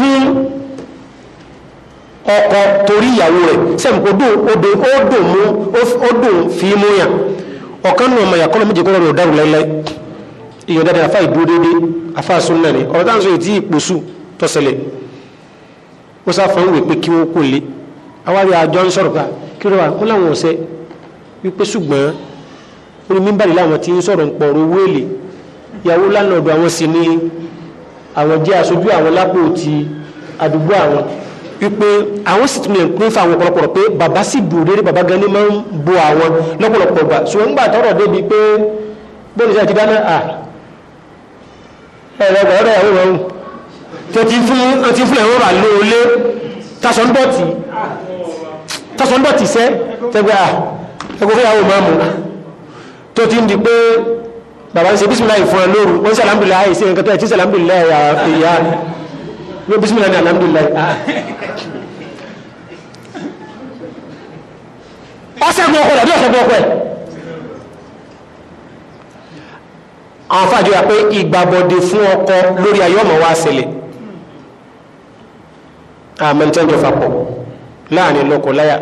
fún ọkọ torí ìyàwó rẹ̀ sẹ́mùkú dùn odò ó dùn mú ó dùn fi mú yàn ọ̀kan nù ọmọ ìyàkọ́lọ́ méje kọ́lọ́ rẹ̀ ò dárò lẹ́lẹ́ ìyọ̀ dáadáa afá ìdúró déédéé afá súnnà ni ọ̀rọ̀ táwọn sọ èyí tí ìpòsù tọ́sẹ̀lẹ̀ ó sá fún ìwé pé kí wọ́n kò lé awárí àjọ ń sọ̀rọ̀ pa kí ló wà wọ́n láwọn ọ̀sẹ̀ wípé ṣùgbọ́n orí mímbàlì láwọn ti ń sọ̀rọ̀ ń pọ̀ àwọn jẹ́ aṣojú àwọn lápò ti àdúgbò àwọn wípé àwọn sì tún lè pín fún àwọn ọ̀pọ̀lọpọ̀ pé bàbá sì bù rere bàbá gan máa ń bo àwọn lọ́pọ̀lọpọ̀ gbà ṣùgbọ́n nígbà tọ́rọ̀ débi pé bóyá ìṣe ti dáná à ẹ̀rọ ọgbà ọ̀rọ̀ ìyàwó rọrùn tó ti fún ọtí fún ẹ̀rọ rà lóolé tasọ̀ndọ̀tì tasọ̀ndọ̀tì sẹ́ tẹ́gbẹ́ à ẹgbẹ́ fún ìyàwó máa mú tó ti ń di pé bàbá ń ṣe bísmìlá ìfún ọlọ́run wọ́n ṣe alámbìlá àìsí ẹ̀kẹ́ tó ẹ̀tí ṣe alámbìlá ìyá ní bísmìlá ní alámbìlá ọ́sẹ̀gun ọkọ̀ rẹ̀ ọ̀sẹ̀gun ọkọ̀ ẹ̀ àwọn fàájọ yà pé ìgbàbọ̀dé fún ọkọ lórí ayọ́mọ̀ wa ṣẹlẹ̀ àmọ́ntẹ́jọ fapọ̀ láàrin lọ́kọ̀ láyà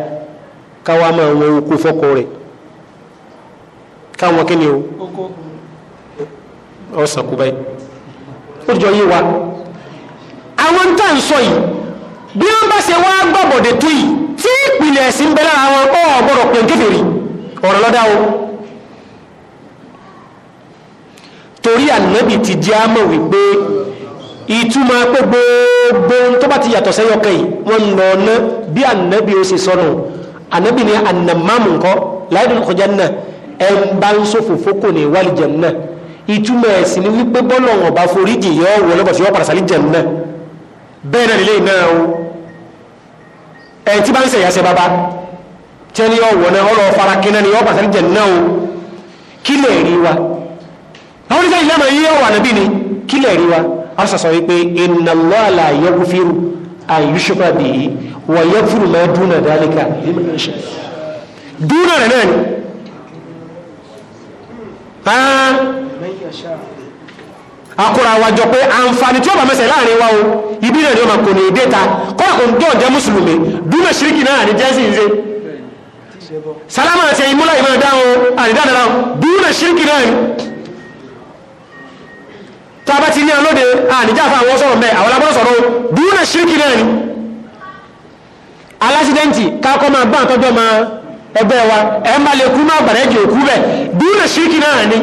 káwa máa wọn oko fọ́kọ rẹ̀ káwọn kí ni o ọ̀sán kú báyìí ó jọ yé wa àwọn ń tà ń sọ yìí bí wọ́n bá ṣe wá gbàbọ̀dẹ̀ tó yìí tí ìpìlẹ̀ ẹ̀sìn bẹ lára wọn ọ̀ gbọ́dọ̀ pé kékeré ọ̀rọ̀ lọ́dá o torí ànábì ti jẹ́ àmọ̀ wípé ìtumọ̀ pé gbogbo tó bá ti yàtọ̀ sẹ́yọ́ kẹ́yì wọ́n lọ ná bí ànábì ó ṣe sọnù ànábì ni ànàmáàmù nǹkan láìdùn náà ẹ̀ ń bá ń sòfò fókò ní wàlìjẹ̀ náà ìtumọ̀ ẹ̀sìn ni wípé bọ́lọ̀ wọn bá forí jì yọ wọ lọ́bọ̀ sí wọ́n padà sálí jẹun náà bẹ́ẹ̀ náà nílé iná o ẹ̀yìn tí bá ń sẹ̀yà sẹ bàbá tí ẹni ọ̀wọ̀ náà ọ̀rọ̀ fara kíná ni wọ́n padà sálí náà o kí lè akura wa jọ pé àǹfààní tí ó bá mẹsẹ̀ láàrin wa o ibi náà ni ó máa kò ní èdè ta kọ́nà kò ń dọ̀ jẹ́ mùsùlùmí dúmẹ̀ ṣíríkì náà ní jẹ́sì ń ṣe sálámà àti ẹ̀yìn múlá ìmọ̀ ìdáhùn àdìdáàdára dúmẹ̀ ṣíríkì náà ni tá a bá ti ní alóde àdìjá àwọn sọ̀rọ̀ ni alásídẹ́ǹtì kákọ́ máa bá àtọ́jọ́ máa ẹgbẹ́ wa ẹ̀ ni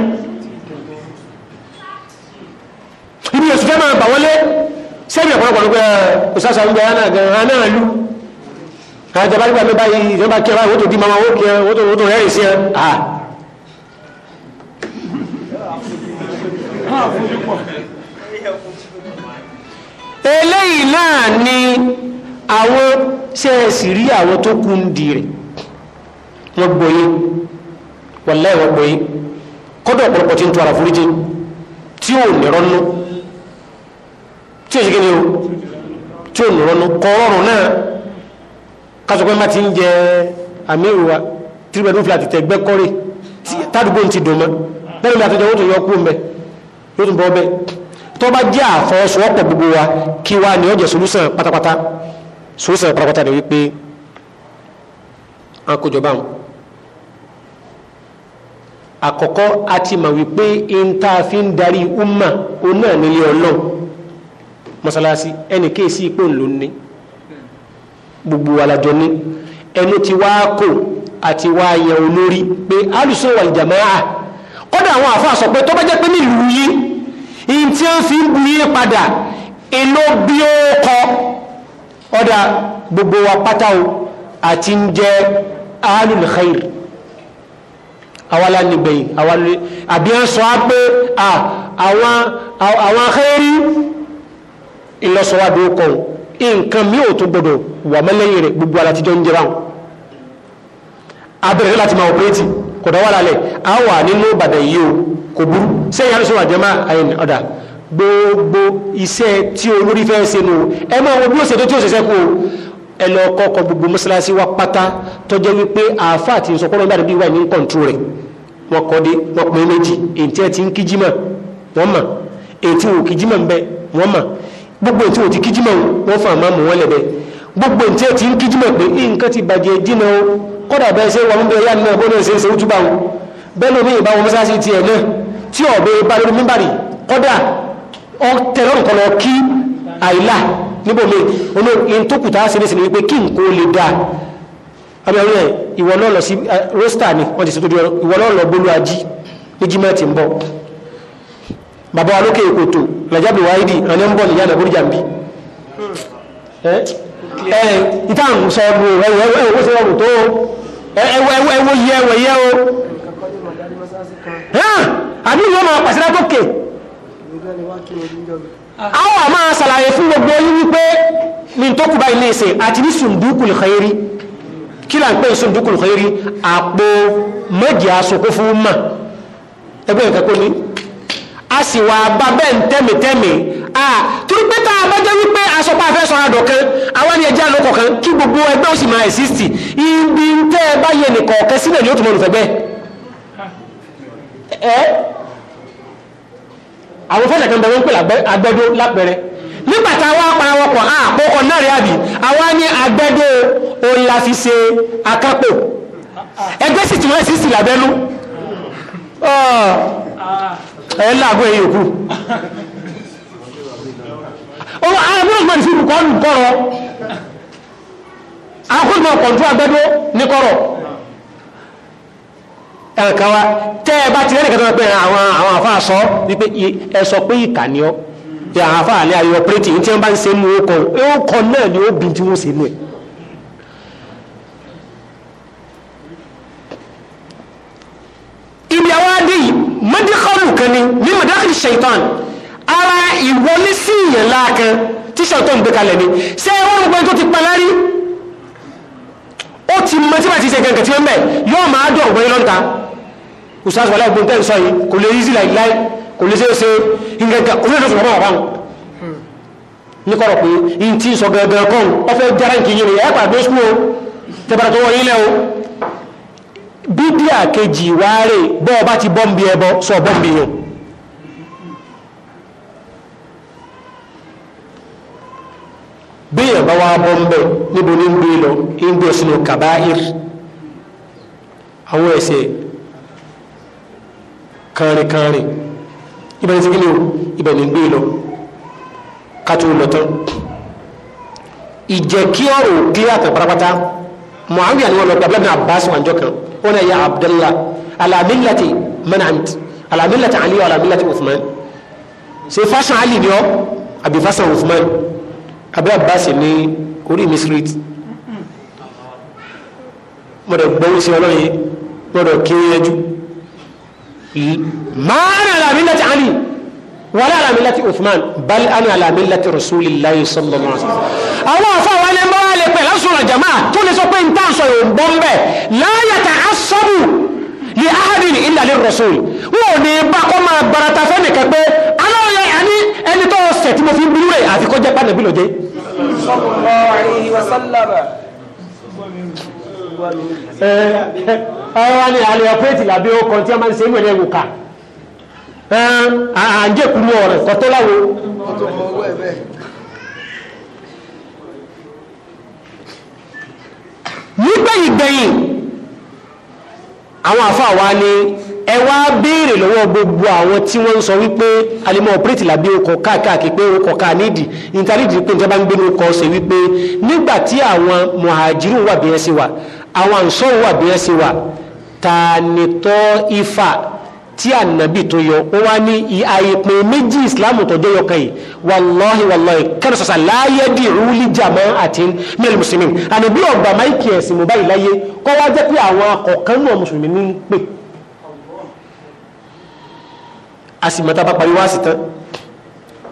ibi òsì fẹ́ máa bà wọlé sẹ́mi ọ̀pọ̀lọpọ̀ ló pé òṣàṣà eh, ń gbé aná gan-an náà lú àjọba nígbà mi báyìí ìjọba kí ẹ báyìí wọ́n tó di mama wọ́n kí ẹ wọ́n tó rẹ́rìn sí ẹ à. eléyìí náà ni àwọn ṣẹ́ẹ̀sì rí àwọn tó kú ń di rẹ̀ wọ́n gbòye wọ́n lẹ́yìn wọ́n gbòye kọ́dọ̀ ọ̀pọ̀lọpọ̀ ti ń tọ́ ara foríjì tí ò ní tí o ṣe kéde o tí o nùrọ̀ nù kọ́ọ̀rọ̀ náà kásọpẹ́ má ti ń jẹ àmírù wa three bedroom flat tẹ̀gbẹ́ kọ́rẹ́ tádùgbò ti dùn mọ́ bẹ́ẹ̀ ni àtijọ́ yóò tún yọ kú mbẹ́ yóò tún bọ́ bẹ́ẹ̀ tó bá jẹ́ àfọwọ́sowọ́pọ̀ gbogbo wa kí wa ni ó solúsàn pátápátá solúsàn pátápátá ni wípé akójọba wọn àkọ́kọ́ a ti mọ̀ wípé n darí umma òun nílé ọlọ́run mọ́sálásí ẹnì kéèsì ipò ńlò ní gbogbo alajọ ní ẹnu ti wá kò àti wá yẹ olórí pé alùsùn wà ìjàmáà kódà àwọn àfa sọ pé tó bá jẹ́ pé nílùú yìí ìyìn tí wọ́n fi ń bu yé padà èlò bí ó kọ ọ̀dà gbogbo wa pátá o àti ń jẹ́ alul khair awala àbí ẹ̀ sọ á pé àwọn àwọn khairi ìlọsọwádìí ó kàn nǹkan mi ò tún gbọdọ̀ wà mẹ́lẹ́yìn rẹ̀ gbogbo alátijọ́ ń jẹrán abẹ̀rẹ̀ láti máa ọ̀pẹ́rẹ́tì kọ̀dọ̀ wà lálẹ́ a wà nínú ìbàdàn yìí o kò burú sẹ́yìn alùsọ̀rọ̀ àjẹmá àyìn ọ̀dà gbogbo iṣẹ́ tí olórí fẹ́ ṣe nù ẹ máa wo bí ó ṣe tó tí ó ṣe sẹ́kù o ẹ lọ kọ́kọ́ gbogbo mọ́ṣáláṣí wa pátá tọ́jọ́ wípé àáfàá àti ìsọkọ́rọ̀ ìbàdàn bíi wà ní kọ̀ǹtù rẹ̀ wọ́n kọ́ dé wọ́n pín méjì èyí tí ẹ ti ń kíjímà wọ́n mọ̀ èyí tí wò kíjímà ń bẹ wọ́n mọ̀ gbogbo ètò òtí kíjímọ̀ wọ́n fà máa mú wọn lẹ́bẹ̀ gbogbo ètò òtí ń kíjímọ̀ pé nǹkan ti bàjẹ́ jìnà o kọ́dà bẹ́ẹ̀ ṣe wọn bẹ́ẹ̀ yá nínú ẹgbẹ́ náà ṣe ń ṣe ojúbà wọn bẹ́ẹ̀ lómi ìbá wọn mọ́sáàsì tiẹ̀ náà tí ọ̀bẹ bá lórí mímbàrì kọ́dà ọ̀tẹ̀rọ̀ nǹkan lọ kí àìlà níbòmí onú ìntòkùtà ṣe ní sinmi pé kí nǹkan ó le dáa abẹ́rẹ́ ìwọ náà lọ sí eh, róstà ni wọ́n ti ṣètò ìwọ náà lọ gbólú ají ní jimá ń bọ̀ bàbá wa lókè èkótó nàìjábì wáìdì àní ń bọ̀ nìyá nàìjíríà ń bí ìtàn sọ bù ẹwọ sí ẹwọ tó ẹwọ ẹwọ ẹwọ yẹ ẹwọ yẹ o àbí ìwọ máa pàṣẹ látòkè àwọn àmà ṣàlàyé fún gbogbo yín wípé ní tó kù báyìí léèṣe àti ní sùndúkùl khairi kí là ń pè sùndúkùl khairi àpò méjì aṣòkó fún mà ẹgbẹ́ ìkẹ́kọ̀ọ́ ni. a sì wà bá bẹ́ẹ̀ ń tẹ́mìtẹ́mì torí pé tá a bá jẹ́ wípé asọ́pá afẹ́ sọ́ra dọ̀kan àwọn ni ẹjẹ́ àlọ́ kọ̀ọ̀kan kí gbogbo ẹgbẹ́ ó sì máa ibi ń tẹ́ ẹ bá yẹ nìkan ọ̀kẹ́ sílẹ̀ ni ó tún mọ̀ lùfẹ́ bẹ́ẹ̀. ẹ àwọn fẹ́ẹ̀nà kan bẹ̀rẹ̀ ń pè àgbẹ̀dó lápẹẹrẹ nígbà tá a wá para wọn pọ̀ àpòkọ̀ náà rí àbí àwa ní àgbẹ̀dó òun la akápò ẹgbẹ́ sì tún ẹ̀ láàgbọ́ èyí òkú ọwọ́ agbọ́nàgbọ́n sí ìrùkọ́ ní kọ́rọ̀ akọ́nà kọ̀ntú agbẹ́dọ́ ní kọ́rọ̀ ẹ̀kàwà tẹ́ ẹ bá ti rẹ́ nìkan tó pẹ́ àwọn àwọn àfáà sọ wípé ẹ sọ pé ìkà ni ọ àwọn àfáà alẹ́ ayọ̀ pírẹ́tì ní tí wọ́n bá ń ṣe nù ó kọ náà ni ó bí tí wọ́n ṣe nù ẹ̀ kan ni ní mọ̀dákìlì ṣèitán ara ìwọlé sí ìyàn láàkan tí ṣèitán gbé kalẹ̀ ni ṣé wọ́n mú pé tó ti palárí ó ti mọ tí bá ti ṣe kankan tí wọ́n bẹ̀ yóò máa dùn ọ̀gbọ́n lọ́ta ustaz wàlẹ́ ọ̀gbọ́n tẹ́ ń sọ yìí kò lè easy like láì kò lè ṣe é ṣe nǹkan olóòtú ọ̀gbọ́n wà fáwọn ní kọ́rọ̀ pé n tí sọ gangan kọ́ ọ fẹ́ jára nkìyìn rẹ̀ bíbí àkejì wáárè bọ́ ọba ti bọ́m̀bì ẹbọ sọ bọ́m̀bì yẹn bí ẹ̀bá wa bọ́m̀bẹ̀ níbo ní gbé lọ ń gbé sínú kàbáír àwọn ẹ̀ṣẹ̀ kàrìnkàrìn ibẹ̀ ní sígílẹ̀ ibẹ̀ ní gbé lọ kátó lọ́tọ́ ìjẹ́ kí ọ̀rọ̀ kílíà tẹ̀ pátápátá muawiya ni wọn lọ gba abdullahi abbas wọn jọ kan wọn náà yà abdullahi alamilati manant alamilati aliyu alamilati uthman ṣe fashion ali ni ọ àbí fashion uthman abẹ́ abbas ní orí mi street mo dẹ̀ gbọ́ wíṣẹ́ ọlọ́yin mo dẹ̀ kí maana alamilati aliyu wala ala millati uthman bal ana ala millati rasulillahi الله alaihi wasallam àwọn àfọwọ́ ẹni bá wà lè pẹ̀ lásùrọ̀ jama tó lè sọ pé n tàn sọ yóò bọ́ mbẹ́ la yata'assabu li ahadin illa lir rasul wọn ò ní bá kọ́ máa barata fẹ́ nìkan pé aláwọ̀ yẹ ẹni ẹni tó ṣẹ̀ tí mo fi ń bínú rẹ̀ àfikọ́ jẹ́ pàdé bí lòdì sallallahu alaihi wasallam ẹ̀rọ wa ni àlè ọ̀pẹ́ẹ̀tì tí a máa ń ṣe é mẹ́lẹ́ wò ká àjẹkùnú ọ̀rẹ́ kọ́tọ́láwo. nígbẹ̀yìn gbẹ̀yìn àwọn àfáà wa ni ẹ wá béèrè lọ́wọ́ gbogbo àwọn tí wọ́n ń sọ wípé alimọ̀ ọ̀pẹ́rẹ́tì làbí okọ̀ káàkiri pé okọ̀ ká nídi ìntàlídìí pé ìjọba ń gbé ní okọ̀ ṣe wípé nígbà tí àwọn mọ̀hàjírù wà bí ẹ ṣe wà àwọn àǹsọ́ wà bí ẹ ṣe wà ta ni tọ́ tí ànàbì tó yọ ó wá ní àìpín méjì islam tó jẹ́ yọkan yìí wàláhi wàláhi kẹ́rù sọ̀sà láyé di ìrúlí jàmọ́ àti mẹ́lì mùsùlùmí ànàbì ọ̀gbà máìkì ẹ̀sìn mobile láyé kọ́ wá jẹ́ pé àwọn akọ̀kan náà mùsùlùmí ní ń pè a sì mọ̀tà bá parí wá sí tán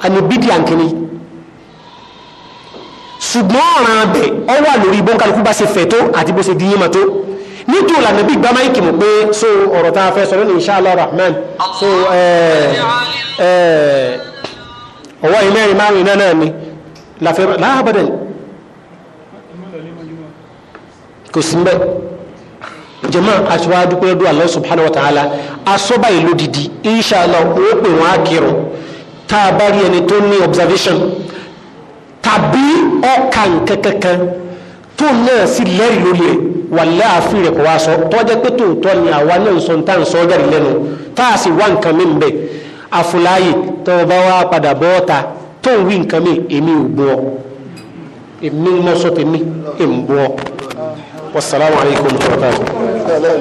ànàbì di àǹkìní ṣùgbọ́n ọ̀ràn abẹ ọ wà bọ́ńkálukú bá ṣe fẹ̀ tó àti bó ṣe di yín tó nítorí ìlànà bí gbámá ìkì mú pé so ọ̀rọ̀ tá a fẹ́ sọ lónìí insha Allah rahman so eh, eh, ọwọ́ ilé ẹ̀rí márùn iná náà ni láàbàdàn kò sí mbẹ́ jẹ́mọ́ aṣíwájú pé ọdún Allah subhanahu wa ta'ala asọ́bà ìlú dìdí insha Allah ó pè wọ́n bá rí ẹni tó ní observation tàbí ọkàn kankan tó náà sí lẹ́rìí lórí rẹ̀ wàlẹ́ àfi rẹ̀ kò wá sọ tọ́jẹ́ pé tòótọ́ ni àwa náà ń sọ tá à ń sọ jáde lẹ́nu tá a sì wá nǹkan mi bẹ̀ afúláyè tó o bá wá padà bọ́ ọ̀ta tó ń wí nǹkan mi èmi ò gbọ́ èmi mọ́ sọ tèmi èmi ń gbọ́ wasalaamualeykum wa rahmatulahi.